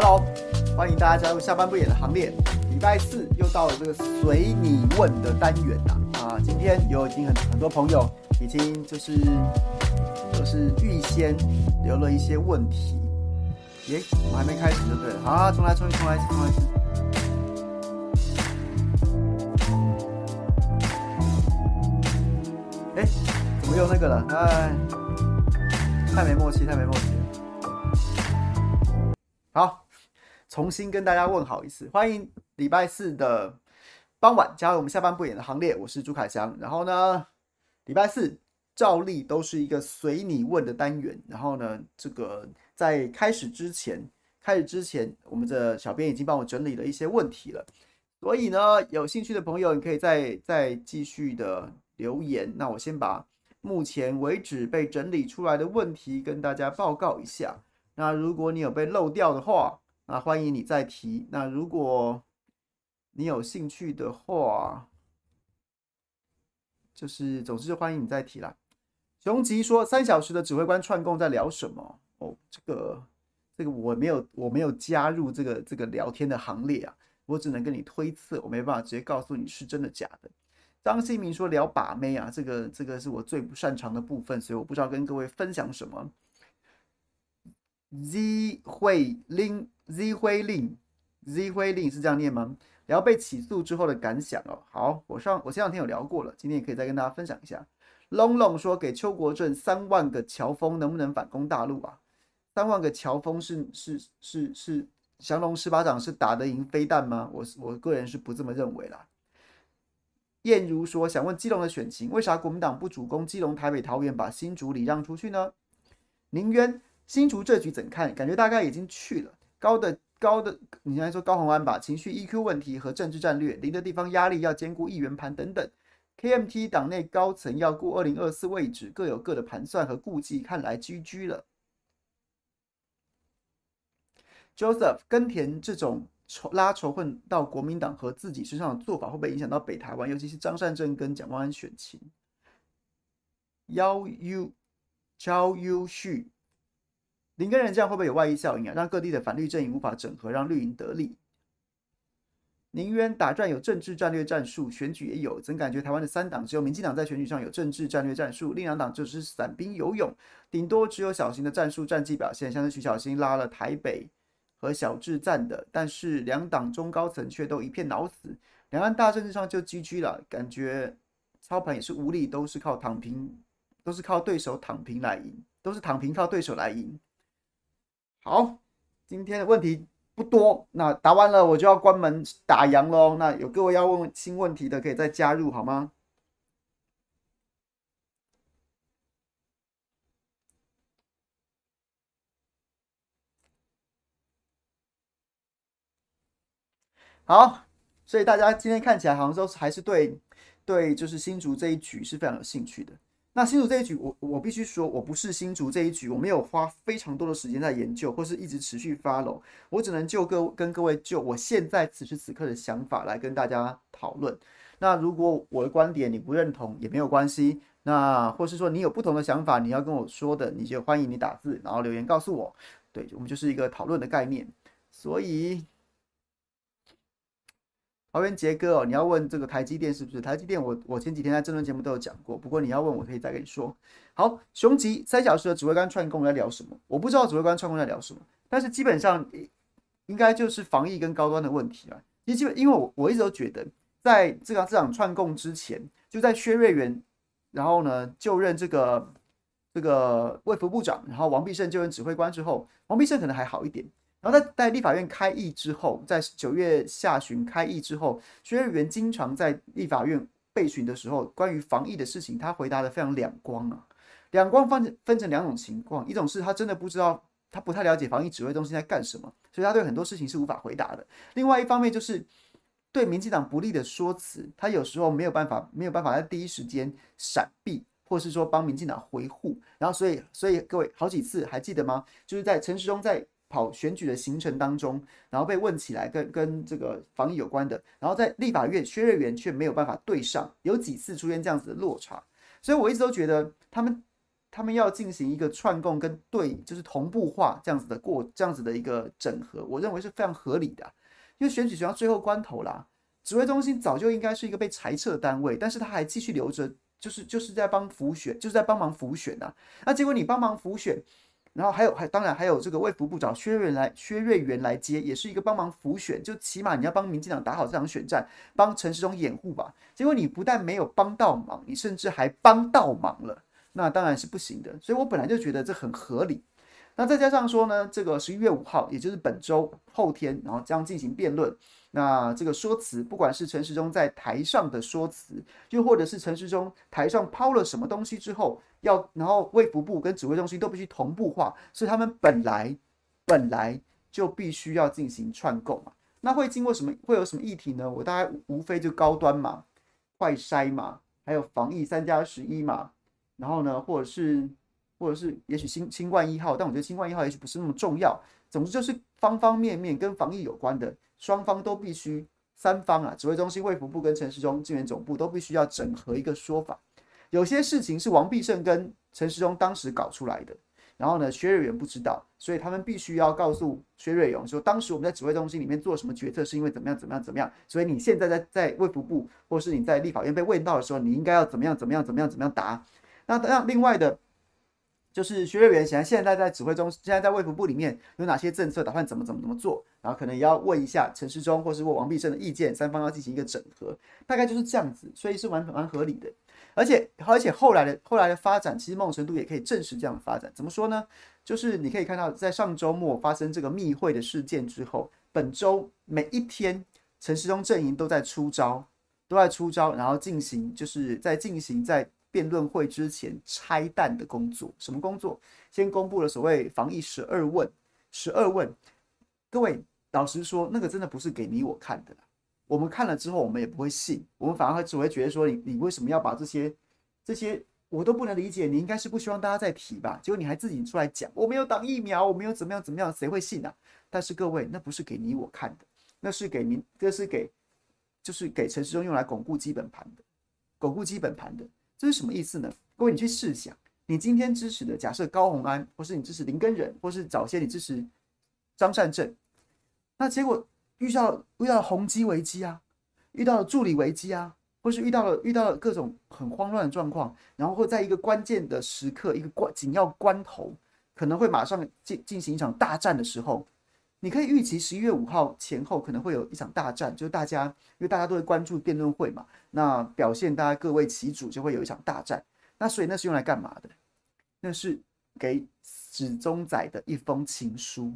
Hello，歡迎大家加入下班不演的行列。禮拜四又到了這個隨你問的單元啦、啊。啊,今天有已經很很多朋友已經就是就是預先留了一些問題。耶，我還沒開始就對了。好，重來，重來，重來，重來。哎，怎麼又那個了？哎，太沒默契，太沒默契。重新跟大家問好一次，歡迎禮拜四的傍晚加入我們下班不演的行列。我是朱凱翔，然後呢，禮拜四照例都是一個隨你問的單元。然後呢，這個在開始之前，開始之前，我們的小編已經幫我整理了一些問題了。所以呢，有興趣的朋友，你可以再再繼續的留言。那我先把目前為止被整理出來的問題跟大家報告一下。那如果你有被漏掉的話，啊，歡迎你再提。那如果你有興趣的話，就是，總之歡迎你再提啦。熊吉說：“三小時的指揮官串供在聊什麼？”哦，這個，這個我沒有，我沒有加入這個這個聊天的行列啊，我只能跟你推測，我沒辦法直接告訴你是真的假的。張新明說：“聊把妹啊？”這個，這個是我最不擅長的部分，所以我不知道跟各位分享什麼。Z 會拎。Z 輝令，Z 輝令是這樣念嗎？聊被起訴之後的感想哦。好，我上我前兩天有聊過了，今天也可以再跟大家分享一下。Long Long 說，給邱國正三萬個喬峰，能不能反攻大陸啊？三萬個喬峰是是是是降龍十八掌是打得贏飛彈嗎？我我個人是不這麼認為啦。燕如說，想問基隆的選情，為啥國民黨不主攻基隆、台北、桃園，把新竹禮讓出去呢？寧淵，新竹這局怎看？感覺大概已經去了。高的高的，你先來說高虹安吧，情緒 EQ 問題和政治戰略，零的地方壓力要兼顧議員盤等等。KMT 黨內高層要顧二零二四位置，各有各的盤算和顧忌，看來僵局了。Joseph 耕仁這種仇拉仇恨到國民黨和自己身上的做法，會不會影響到北台灣，尤其是張善政跟蔣萬安選情？幺 U 旭。林耕仁這樣會不會有外溢效應啊？讓各地的反綠陣營無法整合，讓綠營得利。寧願打戰有政治戰略戰術，選舉也有，怎感覺台灣的三黨只有民進黨在選舉上有政治戰略戰術，另兩黨就是散兵游勇，頂多只有小型的戰術戰績表現，像是徐小新拉了台北和小智站的，但是兩黨中高層卻都一片腦死，兩岸大政治上就 GG 了，感覺操盤也是無力，都是靠躺平，都是靠對手躺平來贏，都是躺平靠對手來贏。好，今天的問題不多，那答完了我就要關門打烊嘍。那有各位要問新問題的，可以再加入好嗎？好，所以大家今天看起來好像都還是對，對，就是新竹這一局是非常有興趣的。那新竹這一局我，我我必須說，我不是新竹這一局，我沒有花非常多的時間在研究，或是一直持續 follow。我只能就各跟，跟各位就我現在此時此刻的想法來跟大家討論。那如果我的觀點你不認同也沒有關係，那或是說你有不同的想法，你要跟我說的，你就歡迎你打字然後留言告訴我。對，我們就是一個討論的概念，所以。豪遠傑哥哦，你要問這個台積電是不是？台積電我，我我前幾天在政論節目都有講過，不過你要問，我可以再跟你說。好，熊吉三小時的指揮官串供在聊什麼？我不知道指揮官串供在聊什麼，但是基本上應該就是防疫跟高端的問題啦。也基本因為我我一直都覺得，在這個、這場串供之前，就在薛瑞元，然後呢就任這個這個衛福部長，然後王必勝就任指揮官之後，王必勝可能還好一點。然後他在立法院開議之後，在九月下旬開議之後，薛委員經常在立法院備詢的時候，關於防疫的事情，他回答的非常兩光啊。兩光分分成兩種情況，一種是他真的不知道，他不太了解防疫指揮中心在幹什麼，所以他對很多事情是無法回答的。另外一方面就是對民進黨不利的說辭，他有時候沒有辦法，沒有辦法在第一時間閃避，或是說幫民進黨回護。然後所以所以各位好幾次還記得嗎？就是在陳時中在跑選舉的行程當中，然後被問起來跟跟這個防疫有關的，然後在立法院薛瑞元卻沒有辦法對上，有幾次出現這樣子的落差，所以我一直都覺得他們他們要進行一個串供跟對，就是同步化這樣子的過這樣子的一個整合，我認為是非常合理的，因為選舉即將最後關頭啦、啊，指揮中心早就應該是一個被裁撤的單位，但是他還繼續留着，就是就是在幫輔選，就是在幫忙輔選啊，那結果你幫忙輔選。然後還有，還當然還有這個衛福部長薛瑞元來，薛瑞元來接，也是一個幫忙輔選，就起碼你要幫民進黨打好這場選戰，幫陳時中掩護吧。結果你不但沒有幫到忙，你甚至還幫倒忙了，那當然是不行的。所以我本來就覺得這很合理。那再加上說呢，這個十一月五號，也就是本周後天，然後將進行辯論。那這個說辭，不管是陳時中在台上的說辭，又或者是陳時中台上拋了什麼東西之後，要然後衛福部跟指揮中心都必須同步化，所以他們本來本來就必須要進行串供嘛。那會經過什麼？會有什麼議題呢？我大概無非就高端嘛、快篩嘛、還有防疫三加十一嘛。然後呢，或者是或者是也許新清冠一號，但我覺得清冠一號也許不是那麼重要。總之就是方方面面跟防疫有關的，雙方都必須三方啊，指揮中心、衛福部跟陳時中支援總部都必須要整合一個說法。有些事情是王必勝跟陳時中當時搞出來的，然後呢，薛瑞元不知道，所以他們必須要告訴薛瑞元說，當時我們在指揮中心裡面做什麼決策，是因為怎麼樣怎麼樣怎麼樣。所以你現在在在衛福部，或是你在立法院被問到的時候，你應該要怎麼樣怎麼樣怎麼樣怎麼樣答。那那另外的。就是薛瑞元，想現在在指揮中，現在在衛福部裡面有哪些政策，打算怎麼怎麼怎麼做，然後可能也要問一下陳時中或是問王必勝的意見，三方要進行一個整合，大概就是這樣子，所以是蠻蠻合理的。而且而且後來的後來的發展，其實某種程度也可以證實這樣的發展。怎麼說呢？就是你可以看到，在上週末發生這個密會的事件之後，本週每一天，陳時中陣營都在出招，都在出招，然後進行就是在進行在。辯論會之前拆彈的工作，什麼工作？先公布了所謂防疫十二問。十二問，各位老實說，那個真的不是給你我看的啦。我們看了之後，我們也不會信，我們反而只會覺得說你，你你為什麼要把這些這些我都不能理解？你應該是不希望大家再提吧？結果你還自己出來講，我沒有打疫苗，我沒有怎麼樣怎麼樣，誰會信啊？但是各位，那不是給你我看的，那是給民，這是給就是給陳時中用來鞏固基本盤的，鞏固基本盤的。這是什麼意思呢？各位，你去試想，你今天支持的假設高虹安，或是你支持林耕仁，或是早些你支持張善政，那結果遇到了遇到了宏基危機啊，遇到了助理危機啊，或是遇到了遇到了各種很慌亂的狀況，然後或在一個關鍵的時刻，一個關緊要關頭，可能會馬上進進行一場大戰的時候。你可以預期十一月五號前後可能會有一場大戰，就是大家因為大家都會關注辯論會嘛，那表現大家各為其主就會有一場大戰。那所以那是用來幹嘛的？那是給死忠仔的一封情書。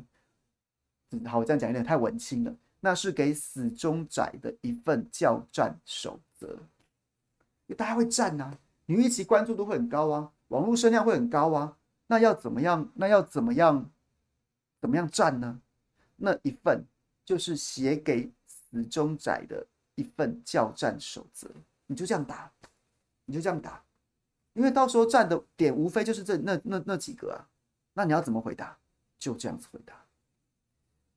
嗯，好，我這樣講有點太文青了。那是給死忠仔的一份叫戰守則，因為大家會戰啊，你預期關注度會很高啊，網絡聲量會很高啊。那要怎麼樣？那要怎麼樣？怎麼樣戰呢？那一份就是寫給死忠仔的一份教戰守則。你就這樣打，你就這樣打，因為到時候戰的點無非就是這那那那幾個啊，那你要怎麼回答，就這樣子回答。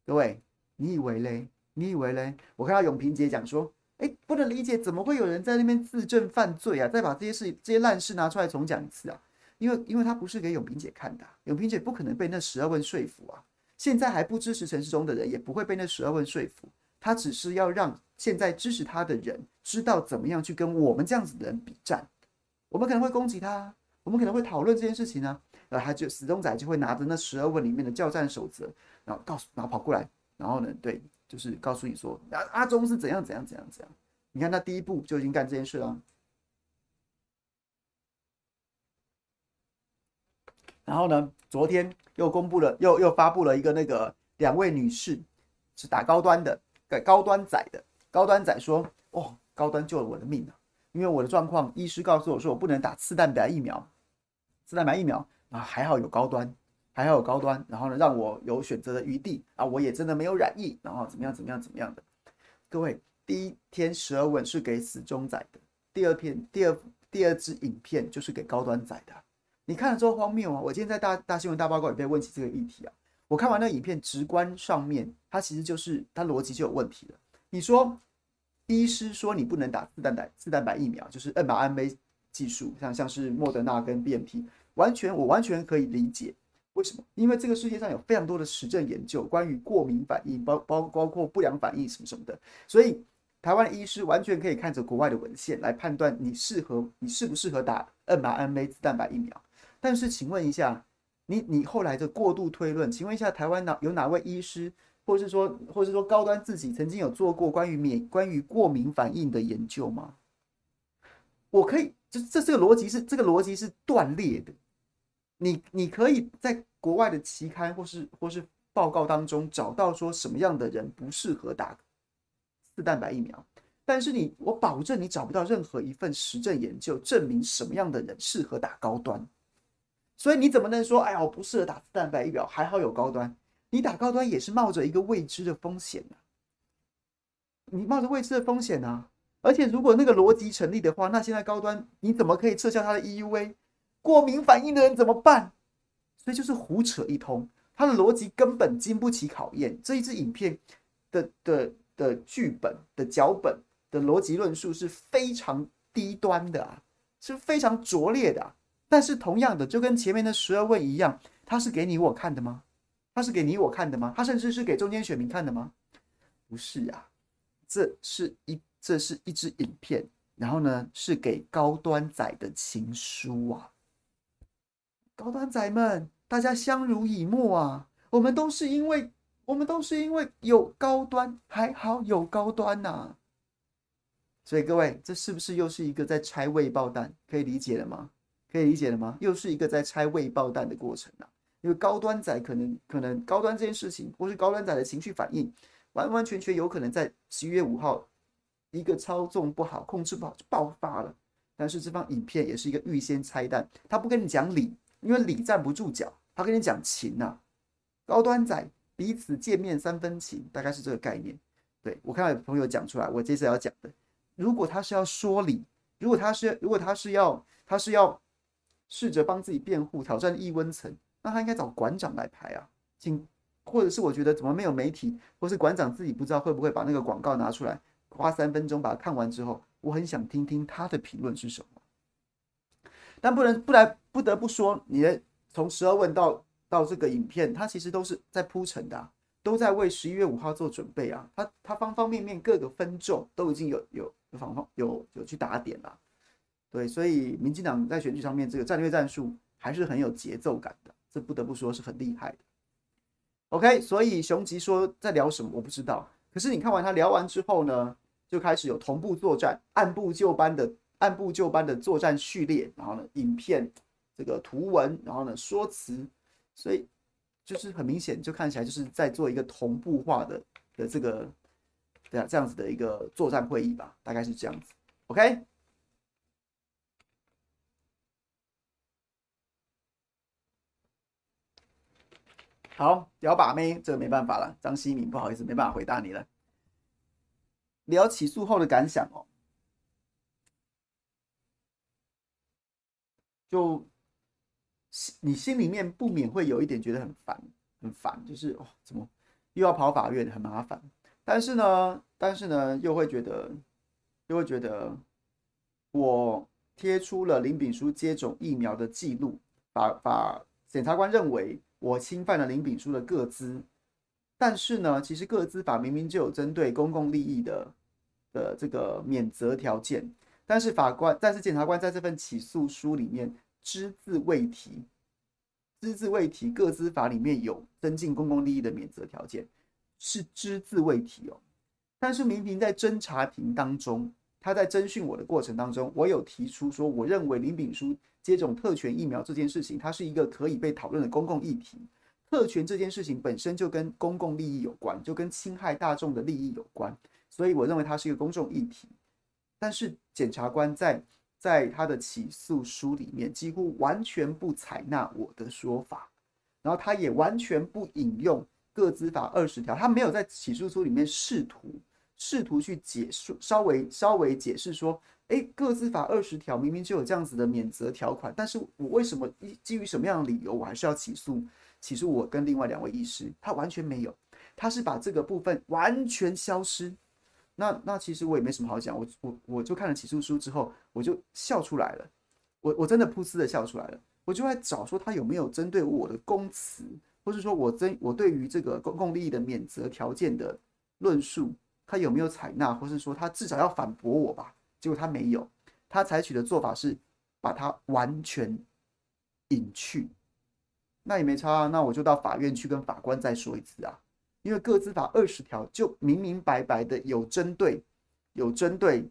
各位，你以為嘞？你以為嘞？我看到永平姐講說，哎、欸，不能理解，怎麼會有人在那邊自證犯罪啊？再把這些事、這些爛事拿出來重講一次啊？因為，因為他不是給永平姐看的、啊，永平姐不可能被那十二問說服啊。現在還不支持陳時中的人，也不會被那十二問說服。他只是要讓現在支持他的人知道怎麼樣去跟我們這樣子的人筆戰。我們可能會攻擊他，我們可能會討論這件事情呢、啊。然後他就死忠仔就會拿着那十二問裡面的叫戰守則，然後告訴，然後跑過來，然後呢，對，就是告訴你說，阿阿中是怎樣怎樣怎樣怎樣。你看他第一步就已經幹這件事了。然後呢，昨天又公布了，又又發布了一個那個兩位女士是打高端的，給高端仔的，高端仔說，哦，高端救了我的命啊！因為我的狀況，醫師告訴我說我不能打刺蛋白疫苗、刺蛋白疫苗啊，還好有高端、還好有高端，然後呢，讓我有選擇的餘地啊，我也真的沒有染疫，然後怎麼樣怎麼樣怎麼樣的。各位，第一天十二吻是給死忠仔的，第二片第二、第二支影片就是給高端仔的。你看了之後荒謬啊！我今天在大大新聞大爆卦，也被問起這個議題啊。我看完那個影片，直觀上面它其實就是它邏輯就有問題了。你說，醫師說你不能打自蛋白自蛋白疫苗，就是 mRNA 技術，像像是莫德納跟 BNT 完全，我完全可以理解為什麼？因為這個世界上有非常多的實證研究關於過敏反應，包包包括不良反應什麼什麼的，所以台灣醫師完全可以看着國外的文獻來判斷你適合你適不適合打 mRNA 自蛋白疫苗。但是，請問一下，你你後來的過度推論，請問一下，台灣哪有哪位醫師，或者是說，或者是說高端自己曾經有做過關於免關於過敏反應的研究嗎？我可以，這這這個邏輯是這個邏輯是斷裂的。你你可以在國外的期刊或是或是報告當中找到說什麼樣的人不適合打四蛋白疫苗，但是你我保證你找不到任何一份實證研究證明什麼樣的人適合打高端。所以你怎麼能說？哎呀，我不適合打蛋白疫苗，還好有高端。你打高端也是冒着一個未知的風險呢、啊。你冒着未知的風險啊！而且如果那個邏輯成立的話，那現在高端你怎麼可以撤銷它的 EUA？過敏反應的人怎麼辦？所以就是胡扯一通，他的邏輯根本經不起考驗。這一支影片的的的的劇本的腳本的邏輯論述是非常低端的啊，是非常拙劣的、啊。但是同樣的，就跟前面的十二位一樣，他是給你我看的嗎？他是給你我看的嗎？他甚至是給中間選民看的嗎？不是啊，這是一這是一支影片，然後呢，是給高端仔的情書啊，高端仔們，大家相濡以沫啊，我們都是因為我們都是因為有高端，還好有高端吶、啊，所以各位，這是不是又是一個在拆未爆彈？可以理解了嗎？可以理解了嗎？又是一個在拆未爆彈的過程啊！因為高端仔可能，可能高端這件事情，或是高端仔的情緒反應，完完全全有可能在十一月五號一個操縱不好、控制不好就爆發了。但是這張影片也是一個預先拆彈，他不跟你講理，因為理站不住腳，他跟你講情啊。高端仔彼此見面三分情，大概是這個概念。對，我看到有朋友講出來，我這次要講的，如果他是要說理，如果他是，如果他是要，他是要。試着幫自己辯護，挑戰一溫層，那他應該找館長來拍啊，請，或者是我覺得怎麼沒有媒體，或是館長自己不知道會不會把那個廣告拿出來，花三分鐘把它看完之後，我很想聽聽他的評論是什麼。但不能不來不得不說，你的從十二問到到這個影片，它其實都是在鋪陳的啊，都在為十一月五號做準備啊，他他方方面面各個分眾都已經有有有有有去打點了。對，所以民進黨在選舉上面這個戰略戰術還是很有節奏感的，這不得不說是很厲害的。OK，所以熊吉說在聊什麼我不知道，可是你看完他聊完之後呢，就開始有同步作戰，按部就班的按部就班的作戰序列，然後呢，影片這個圖文，然後呢說辭，所以就是很明顯就看起來就是在做一個同步化的的這個對啊，這樣子的一個作戰會議吧，大概是這樣子。OK。好，屌把妹，這個沒辦法了。張熙敏，不好意思，沒辦法回答你了。聊起訴後的感想哦，就心你心裡面不免會有一點覺得很煩，很煩，就是、哦、怎麼又要跑法院，很麻煩。但是呢，但是呢，又會覺得，又會覺得，我貼出了林炳書接種疫苗的記錄，把把檢察官認為。我侵犯了林炳書的個資，但是呢，其實個資法明明就有針對公共利益的的這個免責條件，但是法官，但是檢察官在這份起訴書裡面只字未提，只字未提個資法裡面有增進公共利益的免責條件，是只字未提哦。但是明明在偵查庭當中，他在偵訊我的過程當中，我有提出說，我認為林炳書。接種特權疫苗這件事情，它是一個可以被討論的公共議題。特權這件事情本身就跟公共利益有關，就跟侵害大眾的利益有關，所以我認為它是一個公眾議題。但是檢察官在在他的起訴書裡面幾乎完全不採納我的說法，然後他也完全不引用個資法二十條，他沒有在起訴書裡面試圖試圖去解釋，稍微稍微解釋說。誒，各自法二十條，明明就有這樣子的免責條款，但是我為什麼基基於什麼樣的理由，我還是要起訴？起訴我跟另外兩位醫師，他完全沒有，他是把這個部分完全消失。那那其實我也沒什麼好講，我我我就看了起訴書之後，我就笑出來了，我我真的噗呲的笑出來了，我就在找說他有沒有針對我的供詞，或是說我真我對於這個公共利益的免責條件的論述，他有沒有採納，或是說他至少要反駁我吧。結果他沒有，他採取的做法是把它完全隱去，那也沒差啊。那我就到法院去跟法官再說一次啊，因為《個資法》二十條就明明白白的有針對有針對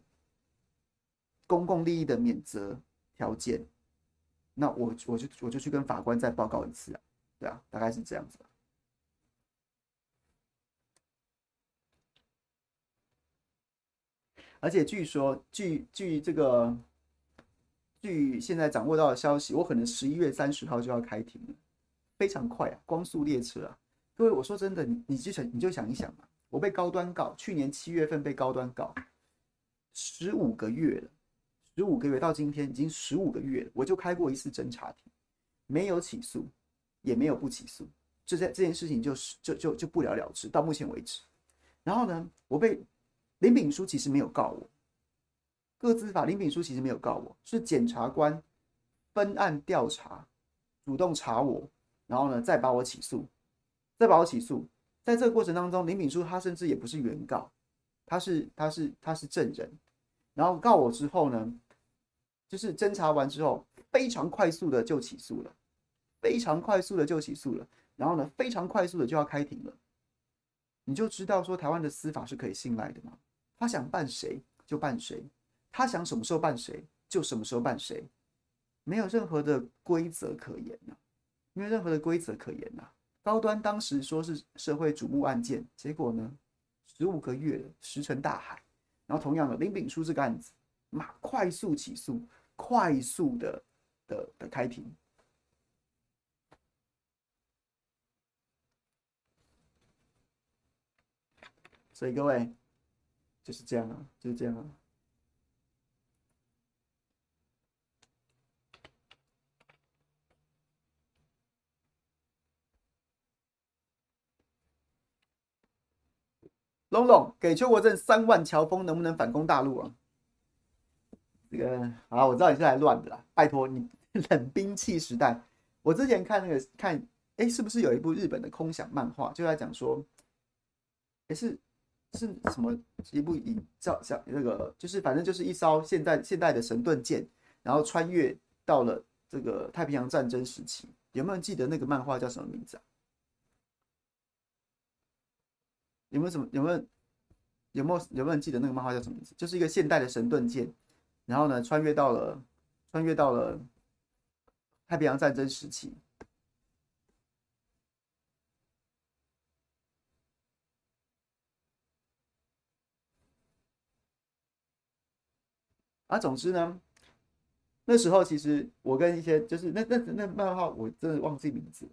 公共利益的免責條件，那我就我就我就去跟法官再報告一次啊，對啊，大概是這樣子。而且據說，據據這個，據現在掌握到的消息，我可能十一月三十號就要開庭了，非常快啊，光速列車啊！各位，我說真的，你你就想，你就想一想吧，我被高端告，去年七月份被高端告，十五個月了，十五個月到今天已經十五個月了，我就開過一次偵查庭，沒有起訴，也沒有不起訴，這在這件事情就是就就就不了了之，到目前為止。然後呢，我被林秉樞其實沒有告我，個資法林秉樞其實沒有告我，是檢察官分案調查，主動查我，然後呢再把我起訴，再把我起訴，在這個過程當中，林秉樞他甚至也不是原告，他是他是他是，他是證人，然後告我之後呢，就是偵查完之後非常快速的就起訴了，非常快速的就起訴了，然後呢非常快速的就要開庭了，你就知道說台灣的司法是可以信賴的嗎？他想辦誰就辦誰，他想什麼時候辦誰就什麼時候辦誰，沒有任何的規則可言吶、啊。沒有任何的規則可言吶、啊。高端當時說是社會矚目案件，結果呢，十五個月石沉大海。然後同樣的林秉樞這個案子，馬，快速起訴，快速的的的開庭。所以各位。就是這樣啊，就是這樣啊。龍龍給邱國正三萬，喬峰能不能反攻大陸啊？這個好，我知道你是來亂的啦，拜托你。冷兵器時代，我之前看那個看，哎，是不是有一部日本的空想漫畫，就在講說，也是。是什麼一部影照像，像那個就是反正就是一艘現代現代的神盾艦，然後穿越到了這個太平洋戰爭時期。有沒有記得那個漫畫叫什麼名字啊？有沒有什麼，有沒有，有沒有，有沒有記得那個漫畫叫什麼名字？就是一個現代的神盾艦，然後呢，穿越到了穿越到了太平洋戰爭時期。啊，總之呢，那時候其實我跟一些就是那那那漫畫，我真的忘記名字。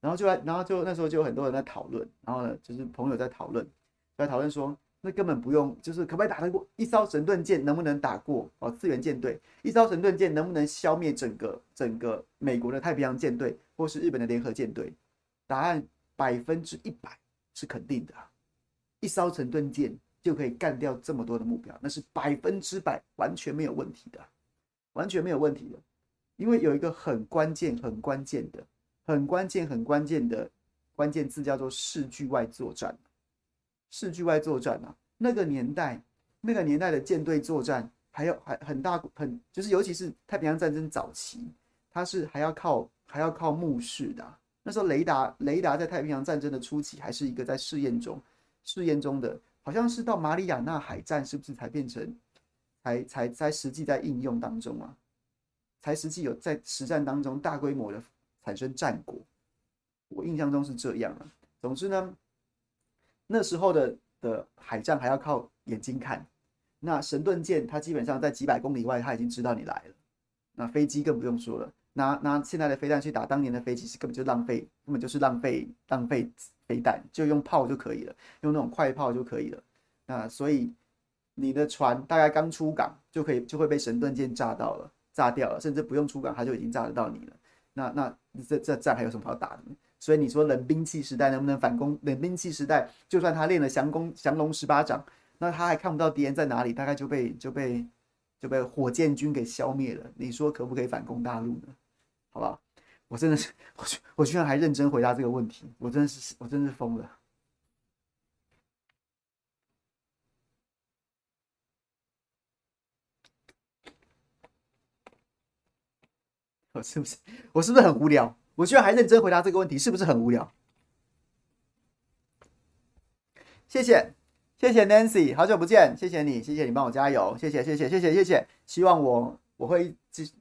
然後就來，然後就那時候就有很多人在討論，然後呢就是朋友在討論，在討論說，那根本不用，就是可不可以打得過？一艘神盾艦能不能打過哦？次元艦隊？一艘神盾艦能不能消滅整個整個美國的太平洋艦隊，或是日本的聯合艦隊？答案百分之一百是肯定的，一艘神盾艦。就可以幹掉這麼多的目標，那是百分之百完全沒有問題的，完全沒有問題的，因為有一個很關鍵、很關鍵的、很關鍵、很關鍵的關鍵字，叫做視距外作戰。視距外作戰啊，那個年代，那個年代的艦隊作戰還要還很大很，就是尤其是太平洋戰爭早期，它是還要靠還要靠目視的啊。那時候雷達，雷達在太平洋戰爭的初期還是一個在試驗中，試驗中的。好像是到馬里亞納海戰，是不是才變成，才才才實際在應用當中啊？才實際有在實戰當中大規模的產生戰果。我印象中是這樣啊。總之呢，那時候的的海戰還要靠眼睛看，那神盾艦它基本上在幾百公里外，它已經知道你來了。那飛機更不用說了，拿拿現在的飛彈去打當年的飛機，是根本就浪費，根本就是浪費浪費。飛彈就用炮就可以了，用那種快炮就可以了。那所以你的船大概剛出港就可以就會被神盾艦炸到了，炸掉了，甚至不用出港它就已經炸得到你了。那那這這這還有什麼好打的呢？所以你說冷兵器時代能不能反攻？冷兵器時代就算他練了降功降龍十八掌，那他還看不到敵人在哪裡，大概就被就被就被，就被火箭軍給消滅了。你說可不可以反攻大陸呢？好吧？我真的是，我我居然還認真回答這個問題，我真的是，我真的是瘋了。我是不是，我是不是很無聊？我居然還認真回答這個問題，是不是很無聊？謝謝，謝謝 Nancy，好久不見，謝謝你，謝謝你幫我加油，謝謝，謝謝，謝謝，謝謝。希望我我會繼續。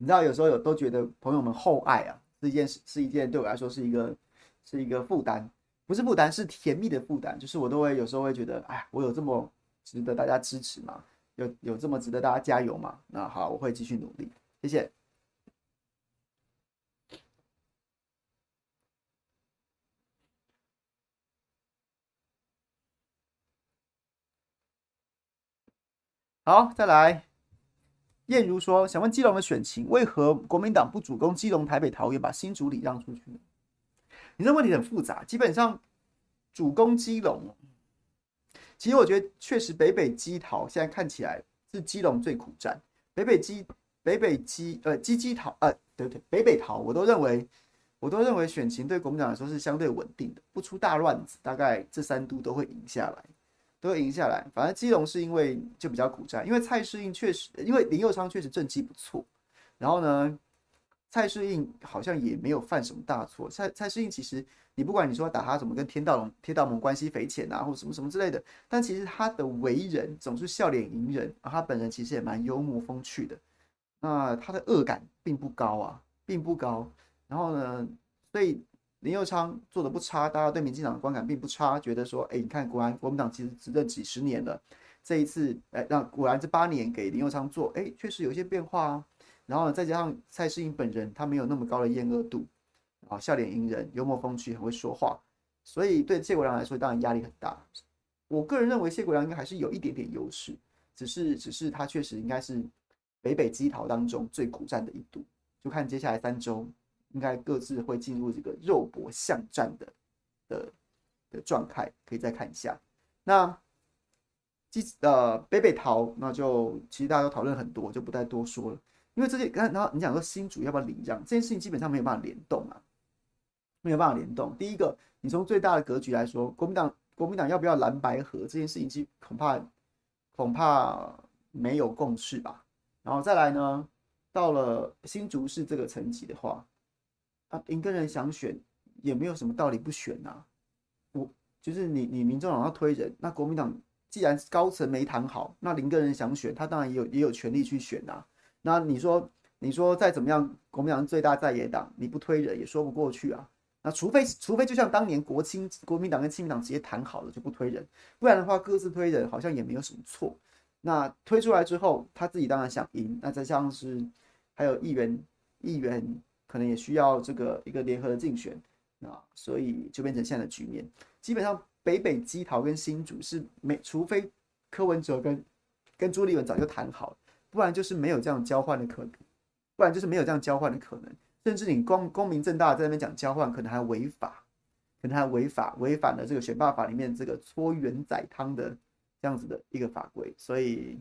你知道，有時候有都覺得朋友們厚愛啊，是一件事，是一件對我來說是一個是一個負擔，不是負擔，是甜蜜的負擔。就是我都會有時候會覺得，哎，我有這麼值得大家支持嗎？有有這麼值得大家加油嗎？那好，我會繼續努力。謝謝。好，再來。燕如說：“想問基隆的選情，為何國民黨不主攻基隆、台北、桃園，把新竹市讓出去呢？你這問題很複雜。基本上主攻基隆，其實我覺得確實北北基桃現在看起來是基隆最苦戰。北北基、北北基、呃基基桃、呃、啊、對不對？北北桃我都認為，我都認為選情對國民黨來說是相對穩定的，不出大亂子，大概這三都都，都會贏下來。”都會贏下來，反正基隆是因為就比較苦戰，因為蔡適應確實，因為林右昌確實政績不錯，然後呢，蔡適應好像也沒有犯什麼大錯。蔡蔡適應其實，你不管你說他打他怎麼跟天道龍天道盟關係匪淺啊，或什麼什麼之類的，但其實他的為人總是笑臉迎人啊，他本人其實也蠻幽默風趣的，那他的惡感並不高啊，並不高。然後呢，所以。林右昌做的不差，大家對民進黨的觀感並不差，覺得說，哎、欸，你看國安，果然國民黨其實執政幾十年了，這一次，哎、欸，讓果然這八年給林右昌做，哎、欸，確實有一些變化啊。然後再加上蔡適應本人，他沒有那麼高的厭惡度，啊、笑臉迎人，幽默風趣，很會說話，所以對謝國樑來說，當然壓力很大。我個人認為謝國樑應該還是有一點點優勢，只是，只是他確實應該是北北基桃當中最苦戰的一度，就看接下來三周。應該各自會進入這個肉搏巷戰的、呃、的的狀態，可以再看一下。那基呃，北北桃，那就其實大家都討論很多，就不再多說了。因為這些，剛才然後你想說新竹要不要領這樣這件事情基本上沒有辦法聯動啊，沒有辦法聯動。第一個，你從最大的格局來說，國民黨國民黨要不要藍白合這件事情，其恐怕恐怕沒有共識吧。然後再來呢，到了新竹市這個層級的話。啊，林耕仁想選也沒有什麼道理不選吶、啊。我就是你，你民眾黨要推人，那國民黨既然高層沒談好，那林耕仁想選，他當然也有也有權利去選啊。那你說，你說再怎麼樣，國民黨最大在野黨，你不推人也說不過去啊。那除非除非就像當年國親國民黨跟親民黨直接談好了就不推人，不然的話，各自推人好像也沒有什麼錯。那推出來之後，他自己當然想贏。那再像是還有議員，議員。可能也需要這個一個聯合的競選，那所以就變成現在的局面。基本上北北基桃跟新竹是沒，除非柯文哲跟跟朱立文早就談好，不然就是沒有這樣交換的可能，不然就是沒有這樣交換的可能。甚至你光公光明正大在那邊講交換，可能還違法，可能還違法，違反了這個選罷法裡面這個搓圓仔湯的這樣子的一個法規。所以，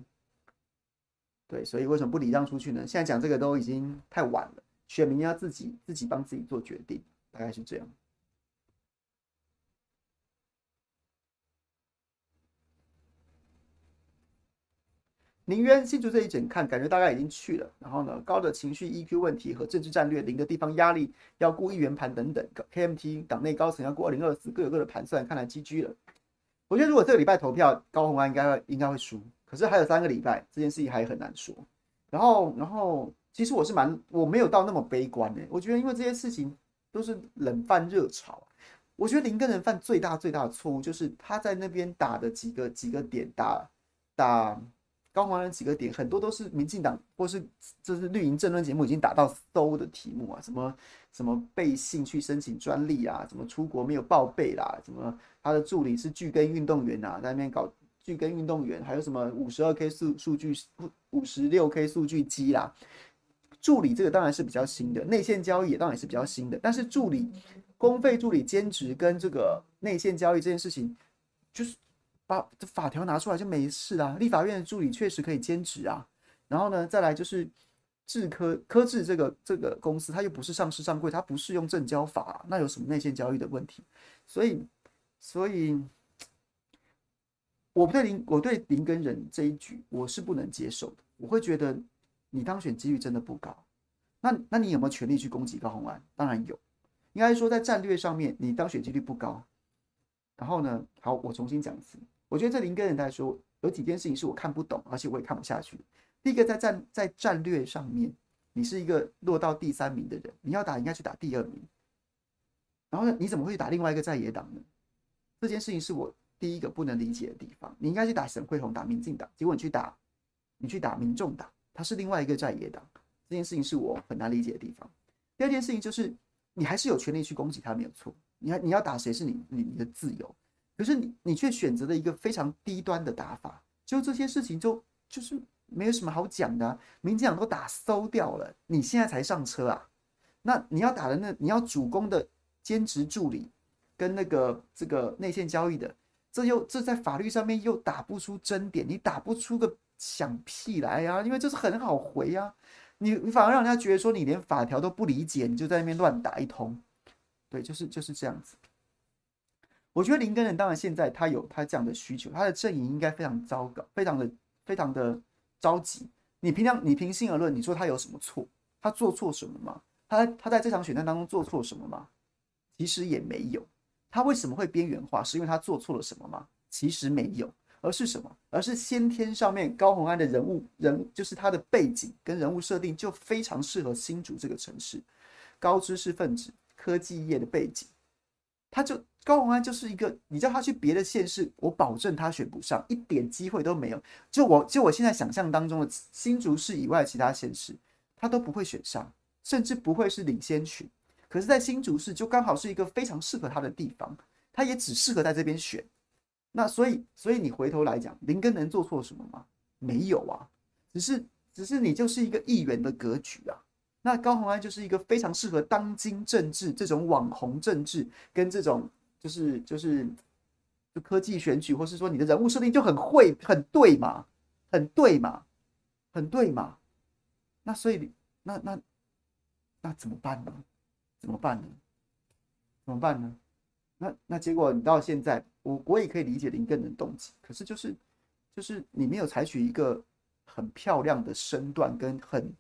對，所以為什麼不禮讓出去呢？現在講這個都已經太晚了。選民要自己自己幫自己做決定，大概是這樣。寧願，記住這一點，看感覺大概已經去了。然後呢，高的情緒 EQ 問題和政治戰略零的地方壓力，要顧一圓盤等等。KMT 黨內高層要顧二零二四，各有各的盤算，看來積聚了。我覺得如果這個禮拜投票，高虹安應該應該會輸。可是還有三個禮拜，這件事情還很難說。然後，然後。其實我是蠻，我沒有到那麼悲觀的，欸。我覺得因為這些事情都是冷飯熱炒，啊。我覺得林耕仁犯最大最大的錯誤，就是他在那邊打的幾個幾個點打打剛剛，那幾個點，很多都是民進黨或是就是綠營政論節目已經打到餿的題目啊，什麼什麼背信去申請專利啊，什麼出國沒有報備啦，啊，什麼他的助理是巨根運動員吶，啊，在那邊搞巨根運動員，還有什麼五十二 K 數數據五十六 K 數據機啦，啊。助理這個當然是比較新的，內線交易也當然是比較新的。但是助理、公費助理、兼職跟這個內線交易這件事情，就是把法條拿出來就沒事啊。立法院的助理確實可以兼職啊。然後呢，再來就是智科科智這個這個公司，他又不是上市上櫃，他不是用證交法啊，那有什麼內線交易的問題？所以，所以，我對林我對林耕仁這一局，我是不能接受的。我會覺得。你當選幾率真的不高，那那你有沒有權利去攻擊高虹安？當然有，應該說，在戰略上面，你當選幾率不高。然後呢，好，我重新講一次。我覺得這林耕仁來說，有幾件事情是我看不懂，而且我也看不下去。第一個，在戰在戰略上面，你是一個落到第三名的人，你要打應該去打第二名。然後呢，你怎麼會去打另外一個在野黨呢？這件事情是我第一個不能理解的地方。你應該去打沈慧虹，打民進黨，結果你去打，你去打民眾黨。他是另外一個在野黨，這件事情是我很難理解的地方。第二件事情就是，你還是有權利去攻擊他，沒有錯。你要你要打誰是你你你的自由，可是你你卻選擇了一個非常低端的打法，就這些事情就就是沒有什麼好講的啊。民進黨都打餿掉了，你現在才上車啊？那你要打的那你要主攻的兼職助理跟那個這個內線交易的，這又這在法律上面又打不出爭點，你打不出個。想屁來呀、啊，因為就是很好回呀，啊，你你反而讓人家覺得說，你連法條都不理解，你就在那邊亂打一通。對，就是就是這樣子。我覺得林耕仁當然現在他有他這樣的需求，他的陣營應該非常糟糕，非常的非常的着急。你平常你平心而論，你說他有什麼錯？他做錯什麼嗎？他他在這場選戰當中做錯什麼嗎？其實也沒有。他為什麼會邊緣化？是因為他做錯了什麼嗎？其實沒有。而是什麼？而是先天上面高虹安的人物人，就是他的背景跟人物設定就非常適合新竹這個城市，高知識分子科技業的背景，他就高虹安就是一個，你叫他去別的縣市，我保證他選不上，一點機會都沒有。就我就我現在想象當中的新竹市以外的其他縣市，他都不會選上，甚至不會是領先群。可是，在新竹市就剛好是一個非常適合他的地方，他也只適合在這邊選。那所以，所以你回頭來講，林耕仁做錯什麼嗎？沒有啊，只是，只是你就是一個議員的格局啊。那高虹安就是一個非常適合當今政治這種網紅政治跟這種、就是，就是就是，科技選舉，或是說你的人物設定就很會，很對嘛，很對嘛，很對嘛。那所以，那那那，那怎麼辦呢？怎麼辦呢？怎麼辦呢？那那結果你到現在。我我也可以理解林耕仁的動機，可是就是就是你沒有採取一個很漂亮的身段跟很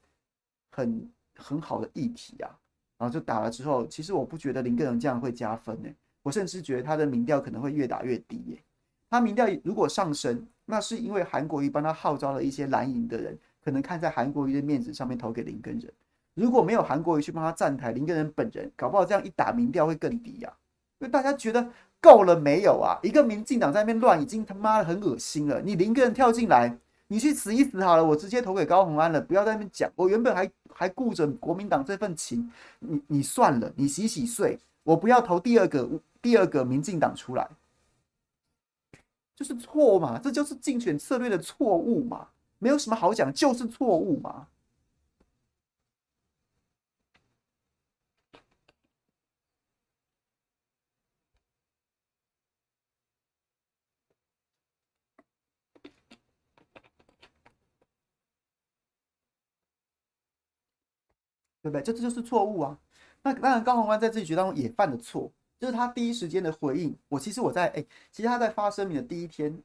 很很好的議題呀、啊。然後就打了之後，其實我不覺得林耕仁這樣會加分呢、欸。我甚至覺得他的民調可能會越打越低耶、欸。他民調如果上升，那是因為韓國瑜幫他號召了一些藍營的人，可能看在韓國瑜的面子上面投給林耕仁。如果沒有韓國瑜去幫他站台，林耕仁本人搞不好這樣一打民調會更低呀、啊，因為大家覺得。夠了沒有啊？一個民進黨在那邊亂，已經他媽的很噁心了。你林耕仁跳進來，你去死一死好了。我直接投給高虹安了，不要在那邊講。我原本還還顧着國民黨這份情，你你算了，你洗洗睡。我不要投第二個第二個民進黨出來，就是錯嘛，這就是競選策略的錯誤嘛，沒有什麼好講，就是錯誤嘛。對不對？就這就，就，就是錯誤啊！那當然，高虹安在這一局當中也犯了錯，就是他第一時間的回應。我其實我在哎、欸，其實他在發聲明的第一天，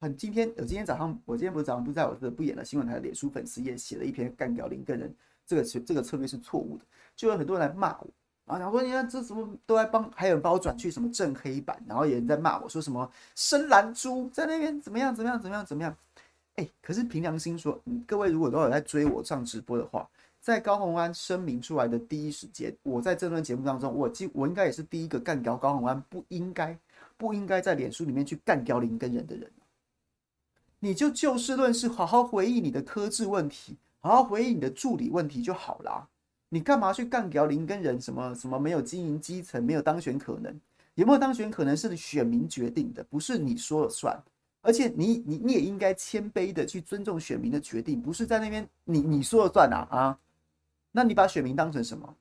很今天，我今天早上，我今天不是早上不在我這個不演了新聞台的臉書粉絲頁，寫了一篇幹掉林耕仁，這個是這個策略是錯誤的，就有很多人來罵我，然後想說你看這什麼都在幫，還有人幫我轉去什麼正黑板，然後有人在罵我說什麼深藍豬在那邊怎麼樣怎麼樣怎麼樣怎麼樣？哎、欸，可是憑良心說，各位如果都有在追我上直播的話。在高虹安聲明出來的第一時間，我在這段節目當中，我記我應該也是第一個幹譙高虹安，不應該不應該在臉書裡面去幹譙林耕仁的人。你就就事論事，好好回應你的科制問題，好好回應你的助理問題就好啦。你幹嘛去幹譙林耕仁什麼什麼沒有經營基層，沒有當選可能？有沒有當選可能是選民決定的，不是你說了算。而且你你你也應該謙卑的去尊重選民的決定，不是在那邊你你說了算啊，啊！那你把選民當成什麼？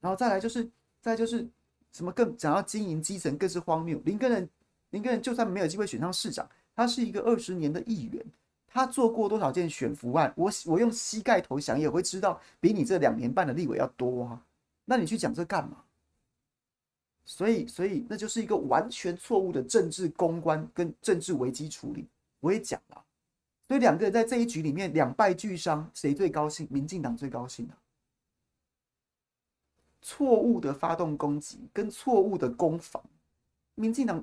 然後再來就是，再就是什麼更想要經營基層，更是荒謬。林耕仁，林耕仁就算沒有機會選上市長，他是一個二十年的議員，他做過多少件選服案？我我用膝蓋投降也會知道，比你這兩年半的立委要多啊。那你去講這幹嘛？所以，所以那就是一個完全錯誤的政治公關跟政治危機處理。我也講了、啊，所以兩個人在這一局裡面兩敗俱傷，誰最高興？民進黨最高興啊！錯誤的發動攻擊跟錯誤的攻防，民進黨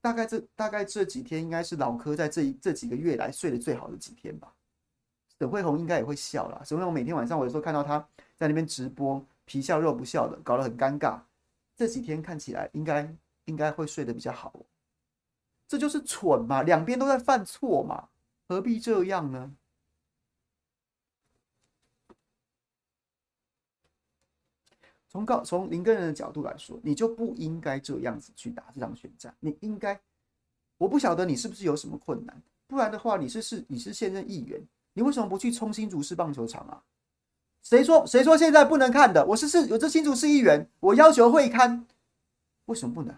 大概這大概這幾天應該是老柯在這這幾個月來睡得最好的幾天吧。沈慧虹應該也會笑了。沈慧虹每天晚上我有時候看到他在那邊直播，皮笑肉不笑的，搞得很尷尬。這幾天看起來應該應該會睡得比較好。這就是蠢嘛，兩邊都在犯錯嘛，何必這樣呢？從告，從林耕仁的角度來說，你就不應該這樣子去打這場選戰。你應該，我不曉得你是不是有什麼困難，不然的話，你是是你是現任議員，你為什麼不去衝新竹市棒球場啊？誰說誰說現在不能看的？我是是我是新竹市議員，我要求會看，為什麼不能？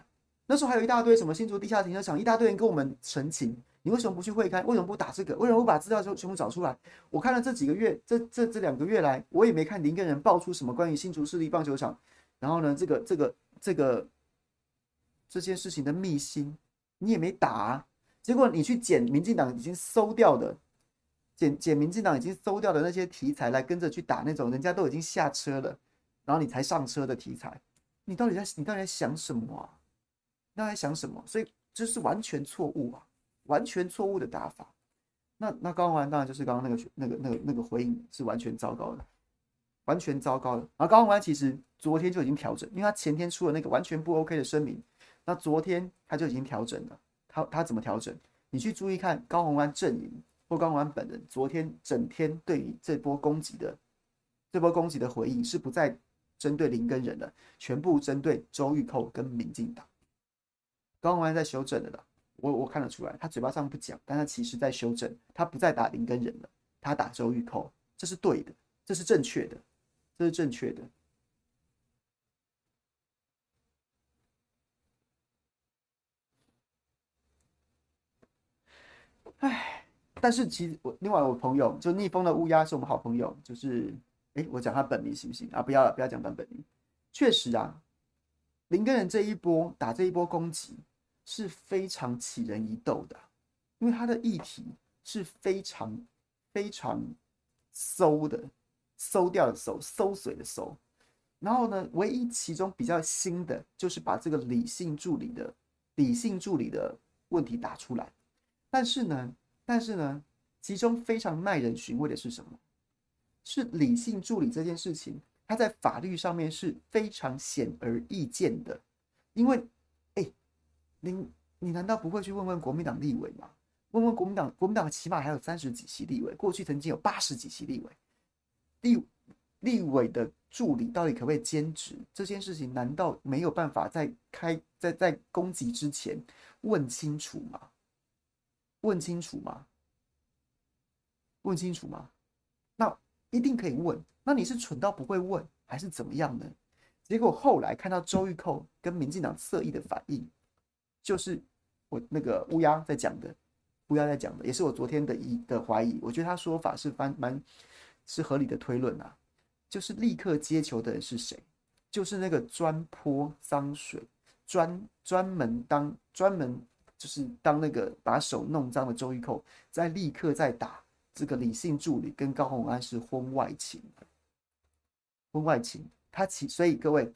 那時候還有一大堆什麼新竹地下停車場，一大堆人跟我們陳情，你為什麼不去會開？為什麼不打這個？為什麼不把資料就全部找出來？我看了這幾個月，這這這兩個月來，我也沒看林耕仁爆出什麼關於新竹市立棒球場，然後呢，這個這個這個這件事情的秘辛，你也沒打啊。結果你去撿民進黨已經收掉的，撿撿民進黨已經收掉的那些題材來跟着去打那種人家都已經下車了，然後你才上車的題材，你到底在你到底在想什麼啊？那在想什麼？所以這是完全錯誤啊！完全錯誤的打法。那那高虹安當然就是剛剛那個那個那個那個回應是完全糟糕的，完全糟糕的。而、啊、高虹安其實昨天就已經調整，因為他前天出了那個完全不 OK 的聲明，那昨天他就已經調整了。他他怎麼調整？你去注意看高虹安陣營或高虹安本人昨天整天對於這波攻擊的這波攻擊的回應是不再針對林耕仁了，全部針對周玉蔻跟民進黨。剛剛還在修整的啦，我我看得出來，他嘴巴上不講，但他其實在修整，他不再打林耕仁了，他打周玉蔻，這是對的，這是正確的，這是正確的。唉，但是其實我另外我朋友就逆風的烏鴉是我們好朋友，就是我講他本名行不行啊？不要不要講本本名，確實啊。林耕仁這一波打這一波攻擊是非常起人一斗的，因為他的議題是非常非常餿的，餿掉的餿，餿水的餿。然後呢，唯一其中比較新的就是把這個理性助理的理性助理的問題打出來。但是呢，但是呢，其中非常耐人尋味的是什麼？是理性助理這件事情。他在法律上面是非常顯而易見的，因為，哎、欸，你，你難道不會去問問國民黨立委嗎？問問國民黨，國民黨起碼還有三十幾席立委，過去曾經有八十幾席立委，立立委的助理到底可不可以兼職？這件事情難道沒有辦法在開在在攻擊之前問清楚嗎？問清楚嗎？問清楚嗎？那。一定可以問，那你是蠢到不會問，還是怎麼樣呢？結果後來看到周玉蔻跟民進黨策應的反應，就是我那個烏鴉在講的，烏鴉在講的，也是我昨天的一的懷疑。我覺得他說法是蠻蠻是合理的推論啊，就是立刻接球的人是誰？就是那個專潑髒水、專專門當專門就是當那個把手弄髒的周玉蔻，再立刻再打。這個李姓助理跟高虹安是婚外情，婚外情，他其所以各位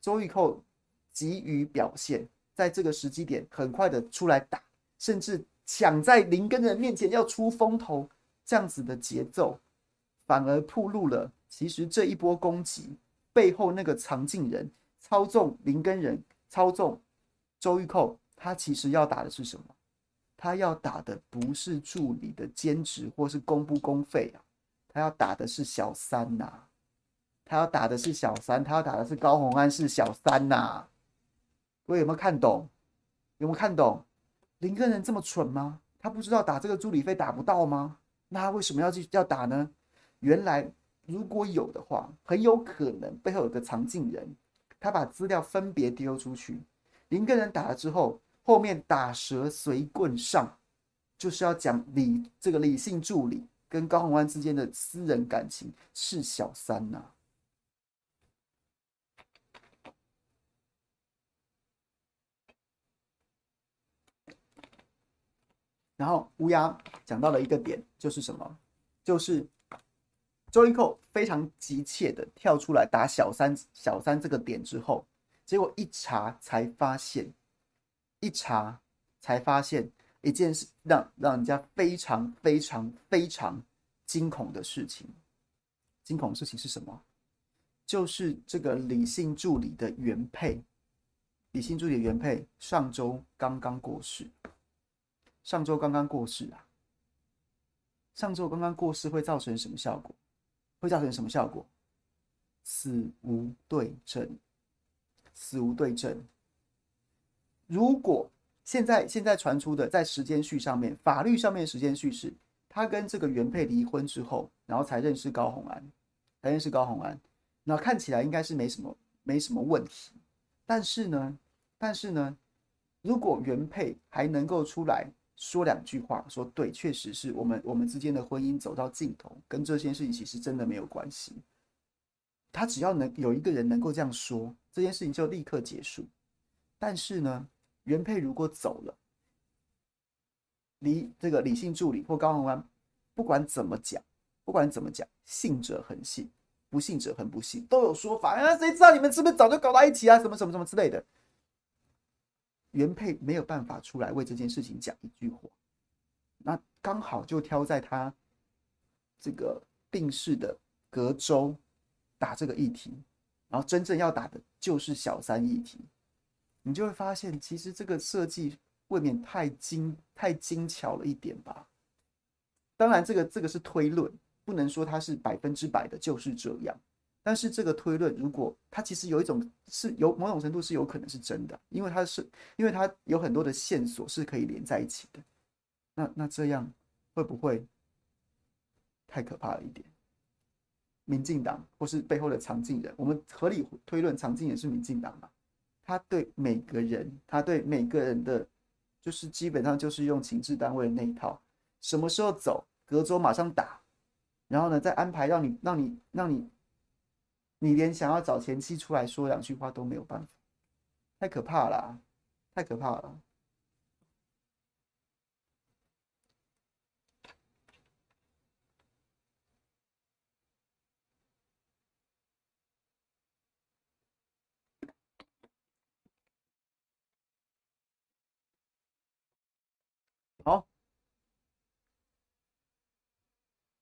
周玉蔻急於表現在這個時機點，很快的出來打，甚至搶在林耕仁面前要出風頭，這樣子的節奏，反而暴露了其實這一波攻擊背後那個藏鏡人操縱林耕仁操縱周玉蔻，他其實要打的是什麼？他要打的不是助理的兼職，或是公不公費啊？他要打的是小三吶！他要打的是小三，他要打的是高虹安是小三吶！各位有沒有看懂？有沒有看懂？林耕仁這麼蠢嗎？他不知道打這個助理費打不到嗎？那他為什麼要去要打呢？原來如果有的話，很有可能背後有個藏鏡人，他把資料分別丟出去。林耕仁打了之後。後面打蛇隨棍上，就是要講李這個李姓助理跟高虹安之間的私人感情是小三呢、啊。然後烏鴉講到了一個點，就是什麼？就是周玉蔻非常急切的跳出來打小三小三這個點之後，結果一查才發現。一查，才發現一件事讓讓人家非常非常非常驚恐的事情。驚恐的事情是什麼？就是這個李姓助理的原配，李姓助理的原配上周剛剛過世。上周剛剛過世啊！上周剛剛過世會造成什麼效果？會造成什麼效果？死無對證，死無對證。如果現在現在傳出的在時間序上面，法律上面的時間序是他跟這個原配離婚之後，然後才認識高虹安，才認識高虹安，那看起來應該是沒什麼沒什麼問題。但是呢，但是呢，如果原配還能夠出來說兩句話，說對，確實是我們我們之間的婚姻走到盡頭，跟這件事情其實真的沒有關係。他只要能有一個人能夠這樣說，這件事情就立刻結束。但是呢。原配如果走了，你這個李姓助理或高虹安不管，不管怎麼講，不管怎麼講，信者很信，不信者很不信，都有說法啊。誰知道你們是不是早就搞到一起啊？什麼什麼什麼之類的。原配沒有辦法出來為這件事情講一句話，那剛好就挑在他這個病逝的隔周打這個議題，然後真正要打的就是小三議題。你就會發現，其實這個設計未免太精太精巧了一點吧？當然，這個這個是推論，不能說它是百分之百的就是這樣。但是這個推論，如果它其實有一種是有某種程度是有可能是真的，因為它是因為它有很多的線索是可以連在一起的。那那這樣會不會太可怕了一點？民進黨或是背後的藏鏡人，我們合理推論，藏鏡人是民進黨嘛？他對每個人，他對每個人的，就是基本上就是用情治單位的那一套。什麼時候走，隔周馬上打，然後呢再安排讓你讓你讓你，你連想要找前妻出來說兩句話都沒有辦法，太可怕了、啊，太可怕了。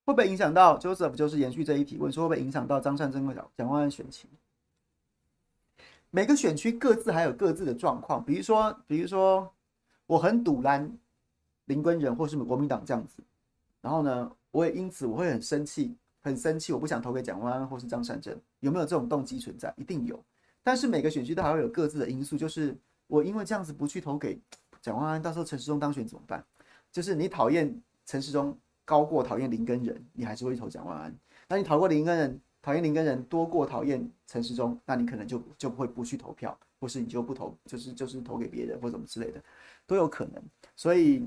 會不會影響到 Joseph？就是延續這一提問，說會不會影響到張善政和蔣萬安選情？每個選區各自還有各自的狀況，比如說，比如說，我很堵攔林耕仁或是國民黨這樣子，然後呢，我也因此我會很生氣，很生氣，我不想投給蔣萬安或是張善政，有沒有這種動機存在？一定有。但是每個選區都還會有各自的因素，就是我因為這樣子不去投給蔣萬安，到時候陳時中當選怎麼辦？就是你討厭陳時中，高過討厭林耕仁，你還是會投蔣萬安。那你討過林耕仁，討厭林耕仁多過討厭陳時中，那你可能就就不會不去投票，或是你就不投，就是就是投給別人或什麼之類的，都有可能。所以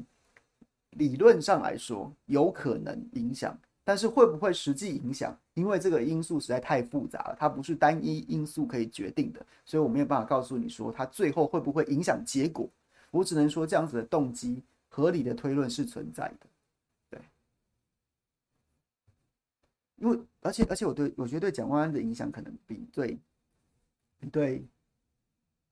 理論上來說，有可能影響，但是會不會實際影響？因為這個因素實在太複雜了，它不是單一因素可以決定的，所以我沒有辦法告訴你說，它最後會不會影響結果。我只能說，這樣子的動機合理的推論是存在的。因為而且而且我對我覺得對蔣萬安的影響可能比對比對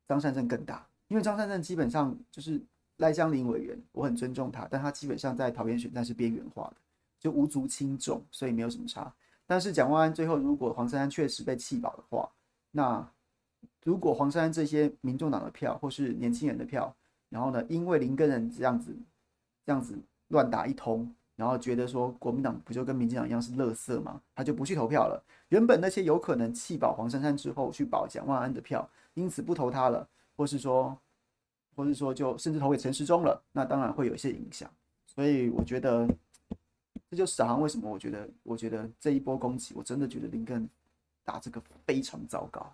張善政更大，因為張善政基本上就是賴香伶委員，我很尊重他，但他基本上在桃園選戰是邊緣化的，就無足輕重，所以沒有什麼差。但是蔣萬安最後如果黃珊珊確實被棄保的話，那如果黃珊珊這些民眾黨的票或是年輕人的票，然後呢，因為林耕仁這樣子這樣子亂打一通。然後覺得說國民黨不就跟民進黨一樣是垃圾嗎？他就不去投票了。原本那些有可能棄保黃珊珊之後去保蔣萬安的票，因此不投他了，或是說，或是說就甚至投給陳時中了。那當然會有一些影響。所以我覺得，這就是說為什麼我覺得，我覺得這一波攻擊，我真的覺得林耕仁打這個非常糟糕，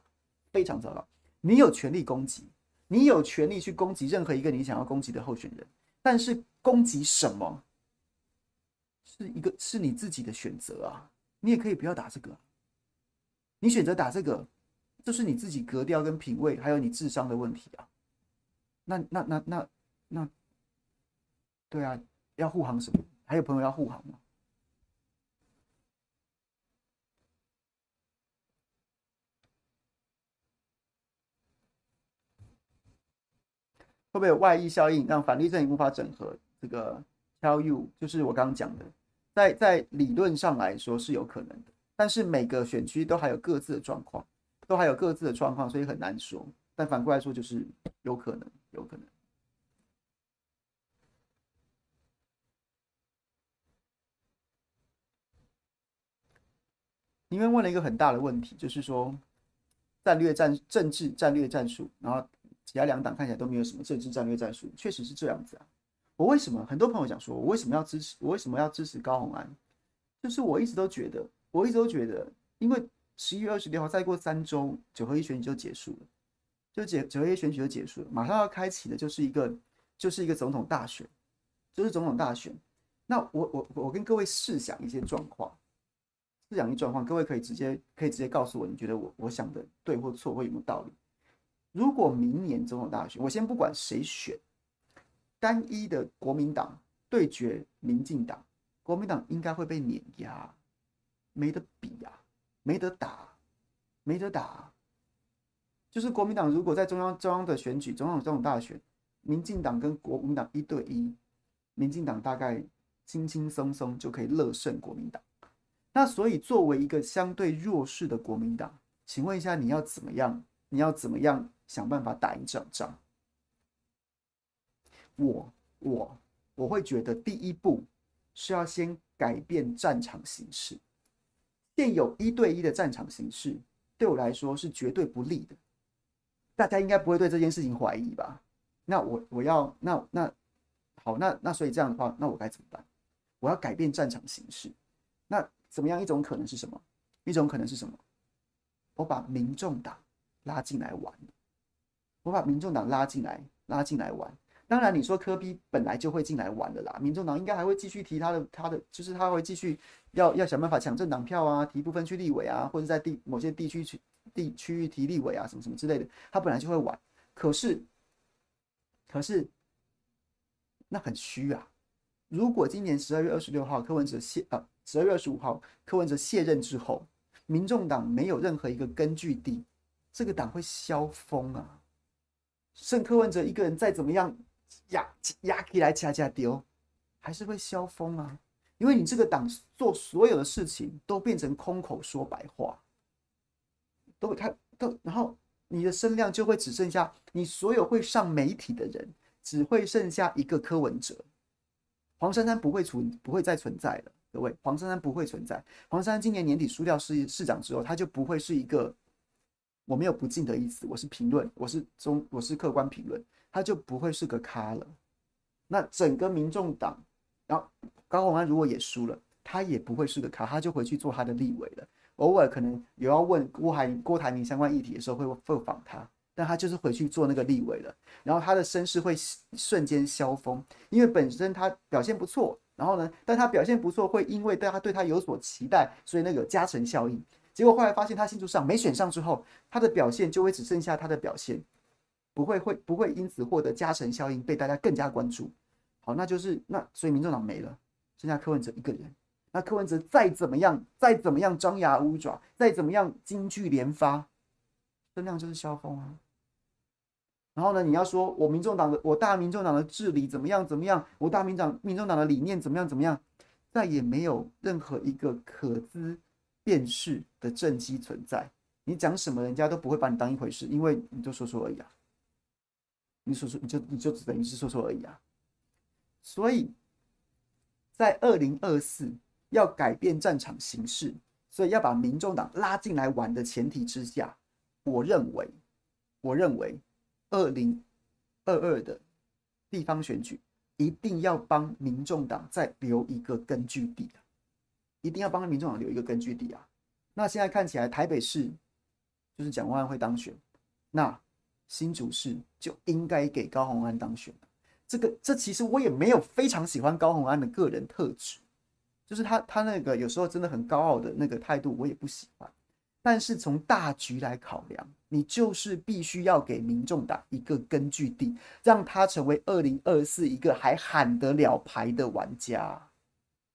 非常糟糕。你有權利攻擊，你有權利去攻擊任何一個你想要攻擊的候選人，但是攻擊什麼？是一個是你自己的選擇啊，你也可以不要打這個，你選擇打這個，這、就是你自己格調跟品味，還有你智商的問題啊。那那那那那，那，對啊，要護航什麼？還有朋友要護航嗎？會不會有外溢效應，讓反綠陣營無法整合這個？Tell you，就是我剛剛講的，在在理論上來說是有可能的，但是每個選區都還有各自的狀況，都還有各自的狀況，所以很難說。但反過來說，就是有可能，有可能。你們問了一個很大的問題，就是說戰略戰、政治戰略戰術，然後其他兩黨看起來都沒有什麼政治戰略戰術，確實是這樣子啊。我為什麼很多朋友講說我，我為什麼要支持我為什麼要支持高虹安？就是我一直都覺得，我一直都覺得，因為十一月二十六號再過三周，九合一選舉就結束了，就結，九合一選舉就結束了，馬上要開啟的就是一個就是一個總統大選，就是總統大選。那我我我跟各位試想一些狀況，試想一狀況，各位可以直接可以直接告訴我，你覺得我我想的對或錯或有沒有道理？如果明年總統大選，我先不管誰選。單一的國民黨對決民進黨，國民黨應該會被碾壓，沒得比啊，沒得打，沒得打。就是國民黨如果在中央中央的選舉，中央中央大選，民進黨跟國民黨一對一，民進黨大概輕輕鬆鬆就可以樂勝國民黨。那所以作為一個相對弱勢的國民黨，請問一下你要怎麼樣？你要怎麼樣想辦法打贏這場仗？我我我會覺得第一步是要先改變戰場形勢，現有一對一的戰場形勢，對我來說是絕對不利的。大家應該不會對這件事情懷疑吧？那我我要那那好那那所以這樣的話，那我該怎麼辦？我要改變戰場形勢，那怎麼樣？一種可能是什麼？一種可能是什麼？我把民眾黨拉進來玩，我把民眾黨拉進來拉進來玩。當然，你說柯 P 本來就會進來玩的啦。民眾黨應該還會繼續提他的，他的就是他會繼續要要想辦法搶政黨票啊，提不分區立委啊，或者在地某些地區區區域提立委啊，什麼什麼之類的。他本來就會玩，可是，可是那很虛啊。如果今年十二月二十六號柯文哲卸呃十二月二十五號柯文哲卸任之後，民眾黨沒有任何一個根據地，這個黨會消風啊。剩柯文哲一個人再怎麼樣。壓壓給來掐掐丟，還是會消風啊。因為你這個黨做所有的事情都變成空口說白話，都他都，然後你的聲量就會只剩下你，所有會上媒體的人，只會剩下一個柯文哲、黃珊珊不會存不會再存在了，各位黃珊珊不會存在。黃珊珊今年年底輸掉市市長之後，他就不會是一個，我沒有不敬的意思，我是評論，我是中，我是客觀評論。他就不會是個咖了。那整個民眾黨，然後高虹安如果也輸了，他也不會是個咖，他就回去做他的立委了。偶爾可能有要問郭台、郭台銘相關議題的時候，會專訪他，但他就是回去做那個立委了。然後他的聲勢會瞬間消風，因為本身他表現不錯，然後呢，但他表現不錯，會因為大家對他有所期待，所以那個加成效應。結果後來發現他新竹上沒選上之後，他的表現就會只剩下他的表現，不會，會不會因此獲得加成效應，被大家更加關注？好，那就是那所以，民眾黨沒了，剩下柯文哲一個人。那柯文哲再怎麼樣，再怎麼樣張牙舞爪，再怎麼樣金句連發，增量就是消風啊。然後呢，你要說我民眾黨的我大民眾黨的治理怎麼樣怎麼樣，我大民長民眾黨的理念怎麼樣怎麼樣，再也沒有任何一個可資辨識的政績存在。你講什麼，人家都不會把你當一回事，因為你就說說而已啊。你說說，說，你就你就等於是說說而已啊。所以，在二零二四要改變戰場形勢，所以要把民眾黨拉進來玩的前提之下，我認為，我認為，二零二二的地方選舉一定要幫民眾黨再留一個根據地啊，一定要幫民眾黨留一個根據地啊！那現在看起來，台北市就是蔣萬安會當選，那。新竹市就應該給高虹安當選。這個，這其實我也沒有非常喜歡高虹安的個人特質，就是他他那個有時候真的很高傲的那個態度，我也不喜歡。但是從大局來考量，你就是必須要給民眾打一個根據地，讓他成為二零二四一個還喊得了牌的玩家。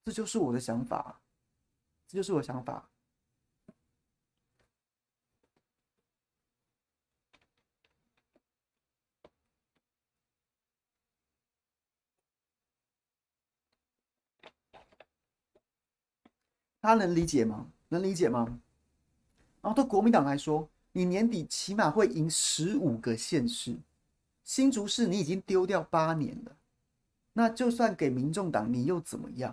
這就是我的想法，這就是我的想法。他能理解嗎？能理解嗎？然後對國民黨來說，你年底起碼會贏十五個縣市，新竹市你已經丟掉八年了。那就算給民眾黨，你又怎麼樣？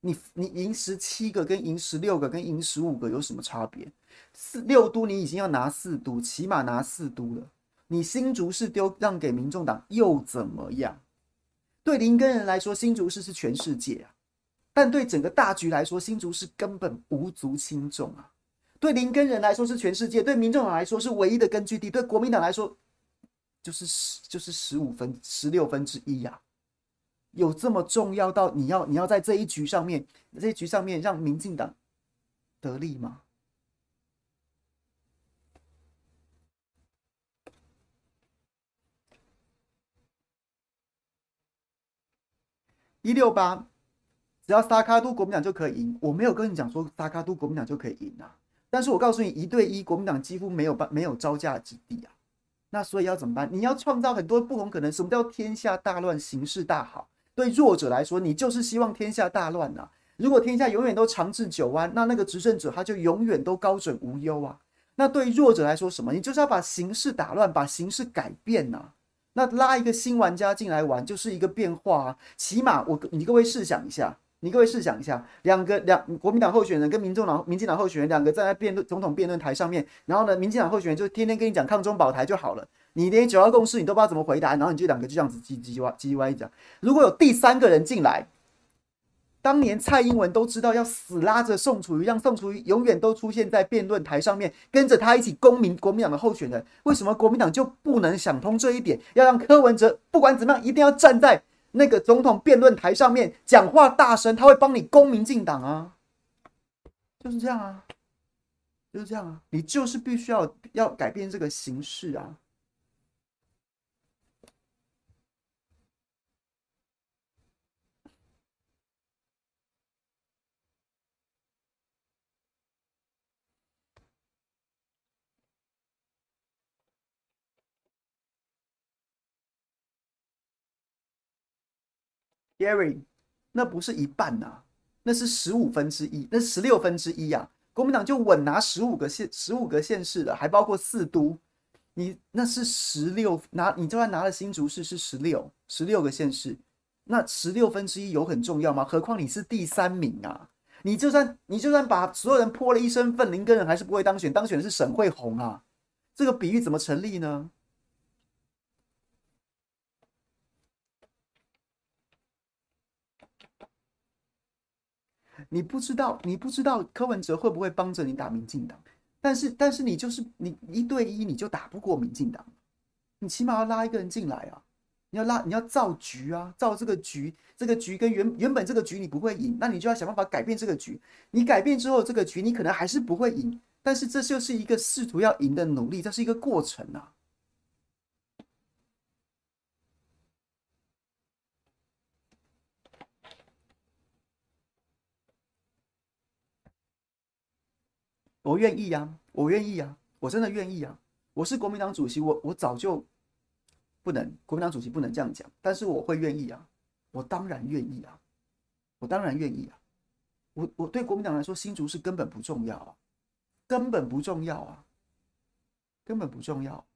你你贏十七個，跟贏十六個，跟贏十五個有什麼差別？四六都你已經要拿四都，起碼拿四都了。你新竹市丟讓給民眾黨又怎麼樣？對林耕仁來說，新竹市是全世界啊。但對整個大局來說，新竹是根本無足輕重啊。對林耕仁來說是全世界，對民眾黨來說是唯一的根據地，對國民黨來說就是十就是十五分十六分之一呀、啊。有這麼重要到你要你要在這一局上面這一局上面讓民進黨得利嗎？一六八。只要撒卡都國民黨就可以贏，我沒有跟你講說撒卡都國民黨就可以贏吶、啊。但是我告訴你，一對一國民黨幾乎沒有辦沒有招架之地啊。那所以要怎麼辦？你要創造很多不同可能。什麼叫天下大亂，形勢大好？對弱者來說，你就是希望天下大亂吶、啊。如果天下永遠都長治久安，那那個執政者他就永遠都高枕無憂啊。那對於弱者來說，什麼？你就是要把形勢打亂，把形勢改變吶、啊。那拉一個新玩家進來玩，就是一個變化啊。起碼我你各位試想一下。你各位試想一下，兩個兩國民黨候選人跟民眾黨、民進黨候選人兩個站在辯論總統辯論台上面，然後呢，民進黨候選人就天天跟你講抗中保台就好了，你連九二共識你都不知道怎麼回答，然後你就兩個就這樣子唧唧歪唧唧歪講。如果有第三個人進來，當年蔡英文都知道要死拉着宋楚瑜，讓宋楚瑜永遠都出現在辯論台上面，跟着他一起公民國民黨的候選人，為什麼國民黨就不能想通這一點？要讓柯文哲不管怎麼樣一定要站在。那個總統辯論台上面講話大聲，他會幫你攻民進黨啊，就是這樣啊，就是這樣啊，你就是必須要要改變這個形式啊。Gary，那不是一半吶、啊，那是十五分之一，那十六分之一啊！國民黨就穩拿十五個縣、十五個縣市了，還包括四都。你那是十六拿，你就算拿了新竹市是十六，十六個縣市，那十六分之一有很重要嗎？何況你是第三名啊！你就算你就算把所有人潑了一身糞，林耕仁還是不會當選，當選的是沈慧虹啊！這個比喻怎麼成立呢？你不知道，你不知道柯文哲會不會幫着你打民進黨，但是但是你就是你一對一你就打不過民進黨，你起碼要拉一個人進來啊，你要拉你要造局啊，造這個局，這個局跟原原本這個局你不會贏，那你就要想辦法改變這個局，你改變之後這個局你可能還是不會贏，但是這就是一個試圖要贏的努力，這是一個過程啊。我願意呀，我願意呀，我真的願意呀。我是國民黨主席，我我早就不能國民黨主席不能這樣講，但是我會願意啊，我當然願意啊，我當然願意啊。我我對國民黨來說，新竹是根本不重要啊，根本不重要啊，根本不重要。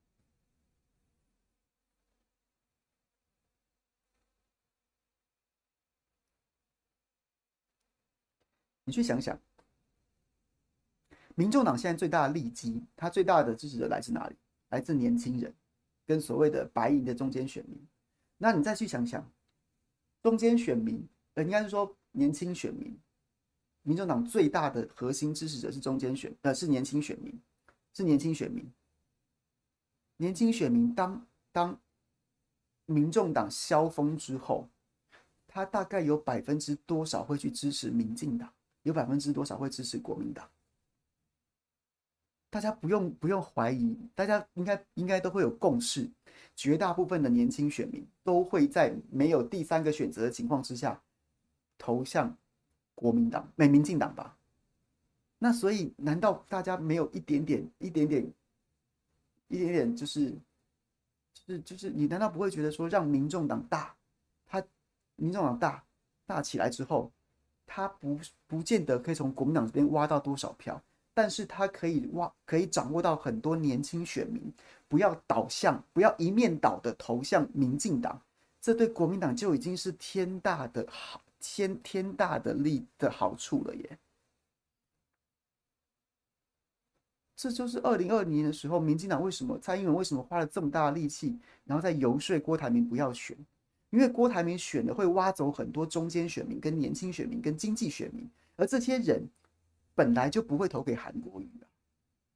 你去想想。民眾黨現在最大的利基，他最大的支持者來自哪裡？來自年輕人，跟所謂的“白銀”的中間選民。那你再去想想，中間選民，呃，應該是說年輕選民。民眾黨最大的核心支持者是中間選，呃，是年輕選民，是年輕選民。年輕選民當當，民眾黨消風之後，他大概有百分之多少會去支持民進黨？有百分之多少會支持國民黨？大家不用不用懷疑，大家應該應該都會有共識，絕大部分的年輕選民都會在沒有第三個選擇的情況之下投向國民黨，美民進黨吧？那所以，難道大家沒有一點點一點點一點點就是就是就是你難道不會覺得說讓民眾黨大，他民眾黨大大起來之後，他不不見得可以從國民黨這邊挖到多少票？但是他可以挖，可以掌握到很多年輕選民，不要倒向，不要一面倒的投向民進黨，這對國民黨就已經是天大的好，天天大的利的好處了耶。這就是二零二零年的時候，民進黨為什麼蔡英文為什麼花了這麼大力氣，然後在遊說郭台銘不要選，因為郭台銘選的會挖走很多中間選民、跟年輕選民、跟經濟選民，而這些人。本來就不會投給韓國瑜的，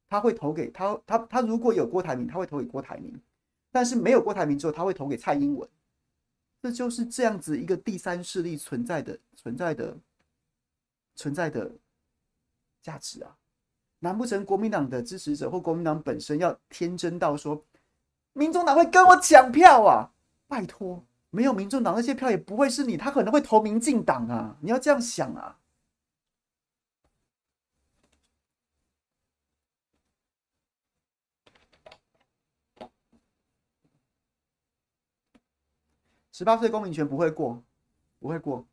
他會投給他，他，他他如果有郭台銘，他會投給郭台銘；但是沒有郭台銘之後，他會投給蔡英文。這就是這樣子一個第三勢力存在的、存在的、存在的價值啊！難不成國民黨的支持者或國民黨本身要天真到說，民眾黨會跟我搶票啊？拜託，沒有民眾黨那些票也不會是你，他可能會投民進黨啊！你要這樣想啊！十八歲公民權不會過，不會過。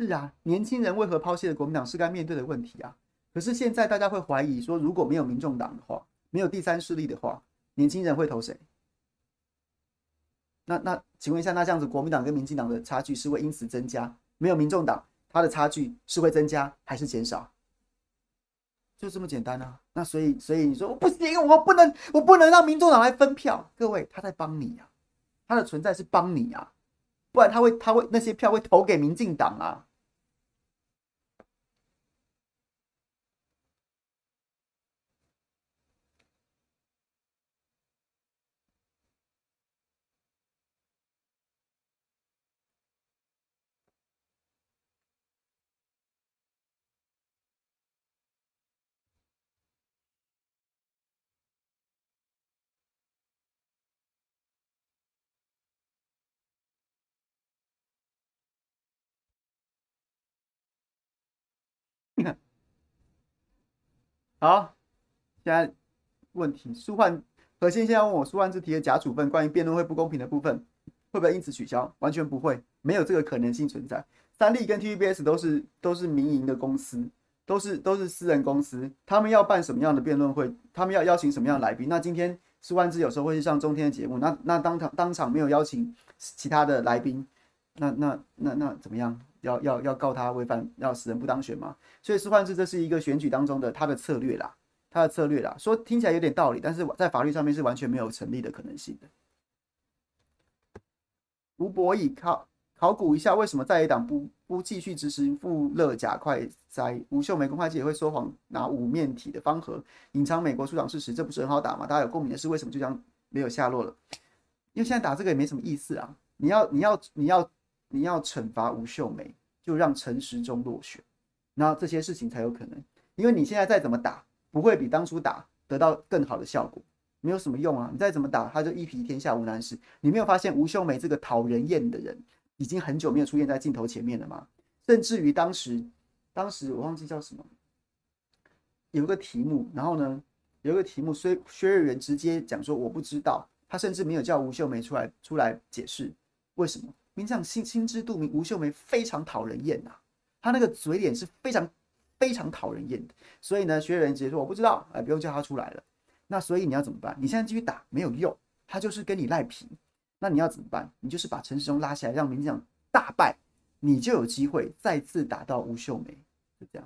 是啊，年輕人為何拋棄了國民黨是該面對的問題啊？可是現在大家會懷疑說，如果沒有民眾黨的話，沒有第三勢力的話，年輕人會投誰？那那，請問一下，那這樣子，國民黨跟民進黨的差距是會因此增加？沒有民眾黨，他的差距是會增加還是減少？就這麼簡單呢啊？那所以，所以你說我不行，我不能，我不能讓民眾黨來分票。各位，他在幫你啊，他的存在是幫你啊，不然他會，他會那些票會投給民進黨啊。好，現在問題，舒煥何先現要問我，舒煥之提的假處分，關於辯論會不公平的部分，會不會因此取消？完全不會，沒有這個可能性存在。三立跟 TVBS 都是都是民營的公司，都是都是私人公司，他們要辦什麼樣的辯論會，他們要邀請什麼樣的來賓？那今天舒煥之有時候會去上中天的節目，那那當場當場沒有邀請其他的來賓，那那那那，那，那怎麼樣？要要要告他違反要死人不當選嗎？所以施煥志這是一個選舉當中的他的策略啦，他的策略啦，說聽起來有點道理，但是在法律上面是完全沒有成立的可能性的。吳伯義考考古一下，為什麼在野黨不不繼續支持富勒賈快哉？吳秀梅公會計也會說謊，拿五面體的方盒隱藏美國出廠事實，這不是很好打嗎？大家有共鳴的是為什麼就這樣沒有下落了？因為現在打這個也沒什麼意思啊！你要你要你要。你要你要懲罰吳秀梅，就讓陳時中落選，然後這些事情才有可能。因為你現在再怎麼打，不會比當初打得到更好的效果，沒有什麼用啊！你再怎麼打，他就一皮天下無難事。你沒有發現吳秀梅這個討人厭的人，已經很久沒有出現在鏡頭前面了嗎？甚至於當時，當時我忘記叫什麼，有個題目，然後呢，有個題目，薛薛瑞元直接講說我不知道，他甚至沒有叫吳秀梅出來出來解釋為什麼。民進黨心心知肚明，吳秀梅非常討人厭吶、啊，她那個嘴臉是非常非常討人厭的。所以呢，學員直接說我不知道，哎，不用叫她出來了。那所以你要怎麼辦？你現在繼續打沒有用，他就是跟你賴皮。那你要怎麼辦？你就是把陳時中拉下來，讓民進黨大敗，你就有機會再次打到吳秀梅，就這樣。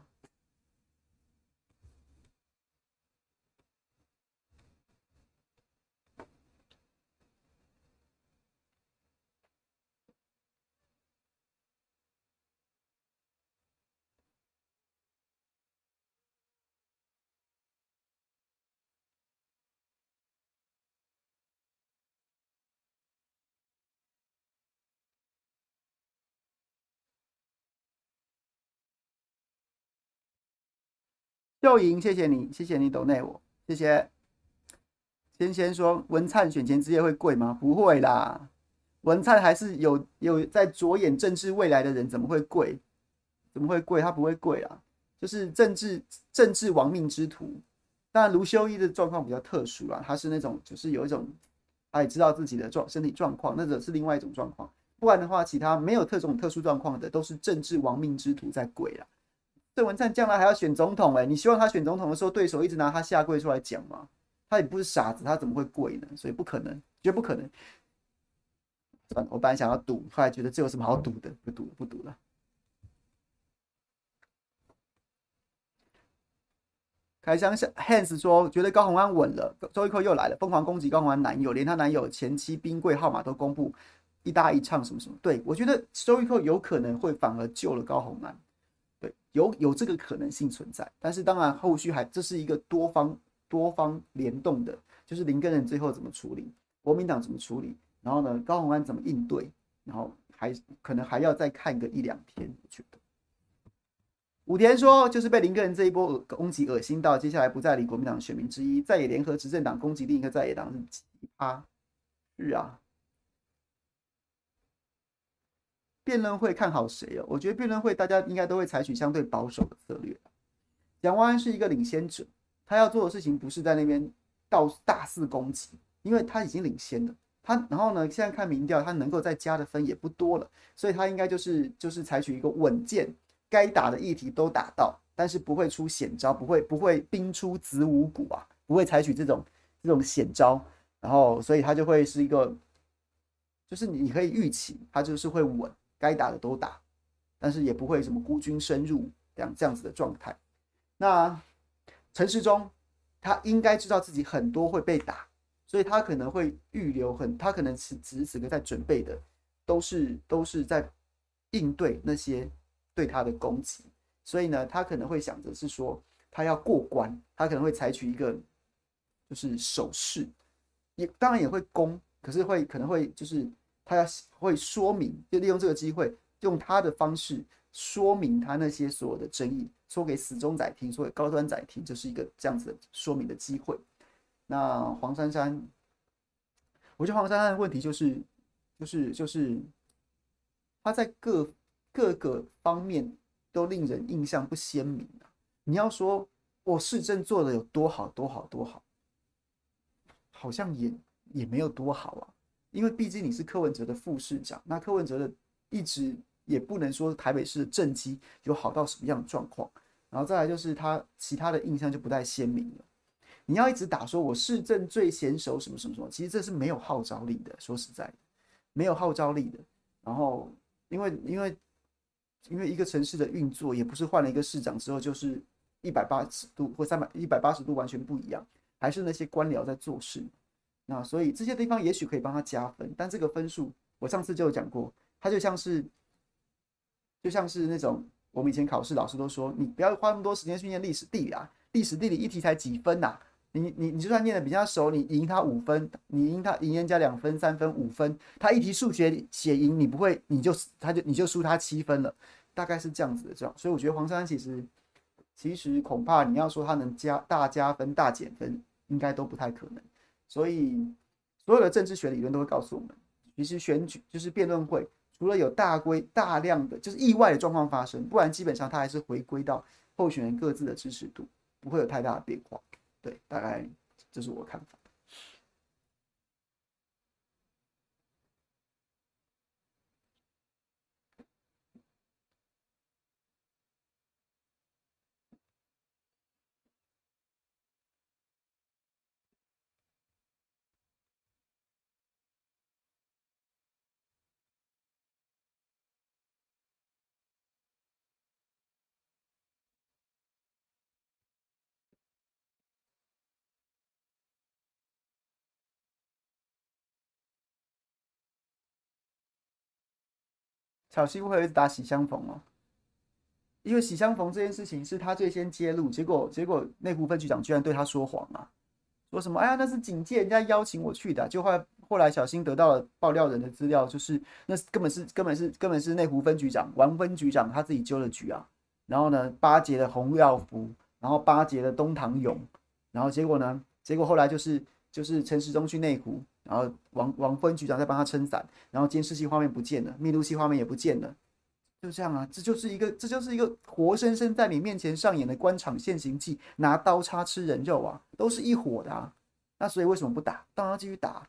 秀贏，謝謝你，謝謝你抖內我，謝謝。先先說文燦選前之夜會跪嗎？不會啦，文燦還是有有在着眼政治未來的人，怎麼會跪？怎麼會跪？他不會跪啊，就是政治政治亡命之徒。但盧修一的狀況比較特殊啦，他是那種就是有一種他也知道自己的狀身體狀況，那則是另外一種狀況。不然的話，其他沒有特種特殊狀況的，都是政治亡命之徒在跪啦。鄭文燦將來還要選總統哎、欸，你希望他選總統的時候，對手一直拿他下跪出來講嗎？他也不是傻子，他怎麼會跪呢？所以不可能，絕不可能。我本來想要賭，後來覺得這有什麼好賭的？不，不賭了，不賭了。凱翔 Hans 說，覺得高虹安穩了。周玉蔻又來了，瘋狂攻擊高虹安男友，連她男友前妻冰櫃號碼都公布，一搭一唱什麼什麼。對，我覺得周玉蔻有可能會反而救了高虹安。對，有有這個可能性存在，但是當然後續還，這是一個多方多方聯動的，就是林耕仁最後怎麼處理，國民黨怎麼處理，然後呢，高虹安怎麼應對，然後還可能還要再看個一兩天，我覺得。武田說，就是被林耕仁這一波攻擊噁心到，接下來不再理國民黨選民之一，在野聯合執政黨攻擊另一個在野黨日啊，是啊。辯論會看好誰哦？我覺得辯論會大家應該都會採取相對保守的策略。蔣萬安是一個領先者，他要做的事情不是在那邊到大肆攻擊，因為他已經領先了。他然後呢，現在看民調，他能夠再加的分也不多了，所以他應該就是就是採取一個穩健，該打的議題都打到，但是不會出險招，不會不會兵出子午谷啊，不會採取這種這種險招。然後，所以他就會是一個，就是你可以預期他就是會穩。該打的都打，但是也不會什麼孤軍深入這樣這樣子的狀態。那陳時中他應該知道自己很多會被打，所以他可能會預留很，他可能是此時此，此刻在準備的都是都是在應對那些對他的攻擊。所以呢，他可能會想着是說他要過關，他可能會採取一個就是守勢，也當然也會攻，可是會可能會就是。他要會說明，就利用這個機會，用他的方式說明他那些所有的爭議，說給死忠仔聽，說給高端仔聽，就是一個這樣子的說明的機會。那黃珊珊，我覺得黃珊珊的問題就是，就是，就是他在各各個方面都令人印象不鮮明啊。你要說，我市政做的有多好，多好，多好，好像也也沒有多好啊。因為畢竟你是柯文哲的副市長，那柯文哲的一直也不能說台北市的政績有好到什麼樣的狀況，然後再來就是他其他的印象就不太鮮明了。你要一直打說，我市政最嫻熟什麼什麼什麼，其實這是沒有號召力的，說實在的，沒有號召力的。然後因為因為因為一個城市的運作也不是換了一個市長之後就是一百八十度或三百一百八十度完全不一樣，還是那些官僚在做事。那、啊、所以這些地方也許可以幫他加分，但這個分數我上次就有講過，他就像是，就像是那種我們以前考試老師都說，你不要花那麼多時間去念歷史地理啊，歷史地理一題才幾分吶、啊？你你你就算念的比較熟，你贏他五分，你贏他，贏人家兩分、三分、五分，他一題數學寫贏你不會，你就他就你就輸他七分了，大概是這樣子的狀。所以我覺得黃山其實，其實恐怕你要說他能加大加分、大減分，應該都不太可能。所以，所有的政治學理論都會告訴我們，其實選舉就是辯論會，除了有大規大量的就是意外的狀況發生，不然基本上它還是回歸到候選人各自的支持度，不會有太大的變化。對，大概這是我的看法。小新為何一直打喜相逢哦？因為喜相逢這件事情是他最先揭露，結果結果內湖分局長居然對他說謊啊！說什麼哎呀那是警界人家邀請我去的，啊，就後來後來小新得到了爆料人的資料，就是那根本是根本是根本是內湖分局長，王分局長他自己揪的局啊！然後呢，巴結的洪耀福，然後巴結的東唐勇，然後結果呢？結果後來就是就是陳時中去內湖。然後王王分局長在幫他撐傘，然後監視器畫面不見了，密錄器畫面也不見了，就這樣啊，這就是一個這就是一個活生生在你面前上演的官場現形記，拿刀叉吃人肉啊，都是一夥的啊，那所以為什麼不打？當他繼續打，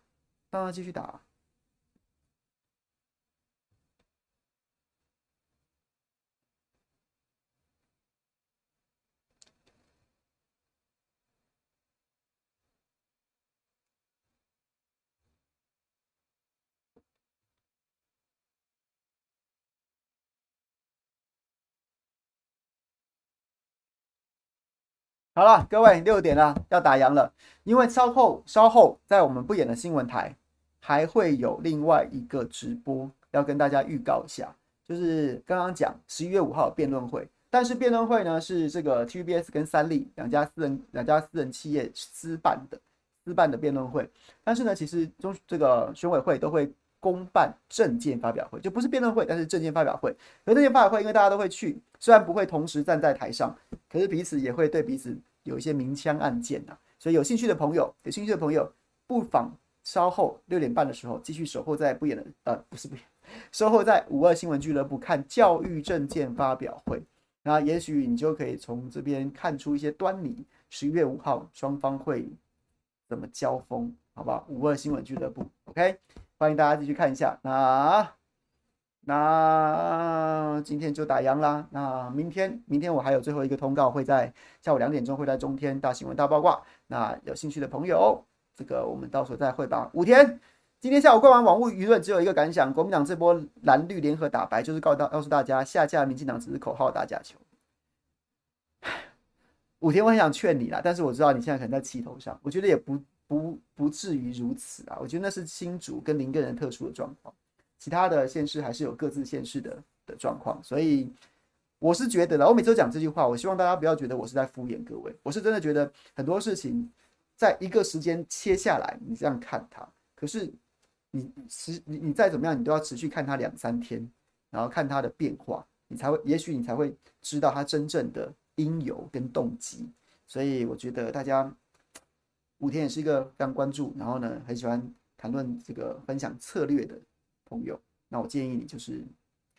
當他繼續打。好了，各位，六點了，要打烊了。因為稍後，稍後在我們不演的新聞台，還會有另外一個直播要跟大家預告一下，就是剛剛講十一月五號辯論會。但是辯論會呢，是這個 TVBS 跟三立兩家私人兩家私人企業私辦的私辦的辯論會。但是呢，其實中這個選委會都會。公辦政見發表會就不是辯論會，但是政見發表會，而政見發表會，因為大家都會去，雖然不會同時站在台上，可是彼此也會對彼此有一些明槍暗箭啊。所以有興趣的朋友，有興趣的朋友，不妨稍後六點半的時候繼續守候在不遠的，呃，不是不遠，守候在五二新聞俱樂部看教育政見發表會。那也許你就可以從這邊看出一些端倪。十一月五號，雙方會怎麼交鋒？好不好，五二新聞俱樂部，OK。歡迎大家繼續看一下，那那今天就打烊啦。那明天，明天我還有最後一個通告，會在下午兩點鐘會在中天大新聞大爆卦。那有興趣的朋友，這個我們到時候再會吧。武田，今天下午逛完網絡輿論只有一個感想：國民黨這波藍綠聯合打白，就是告大，告訴大家下架民進黨只是口號打假球。武田，我很想勸你啦，但是我知道你現在可能在氣頭上，我覺得也不。不不至於如此啊，我覺得那是新竹跟林耕仁個人特殊的狀況，其他的縣市還是有各自縣市的的狀況，所以我是覺得了，我每周講這句話，我希望大家不要覺得我是在敷衍各位，我是真的覺得很多事情，在一個時間切下來，你這樣看它，可是你持你你再怎麼樣，你都要持續看它兩三天，然後看它的變化，你才會，也許你才會知道它真正的因由跟動機，所以我覺得大家。五天也是一個非常關注，然後呢，很喜歡談論這個分享策略的朋友。那我建議你就是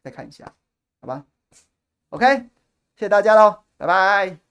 再看一下，好吧？OK，謝謝大家嘍，拜拜。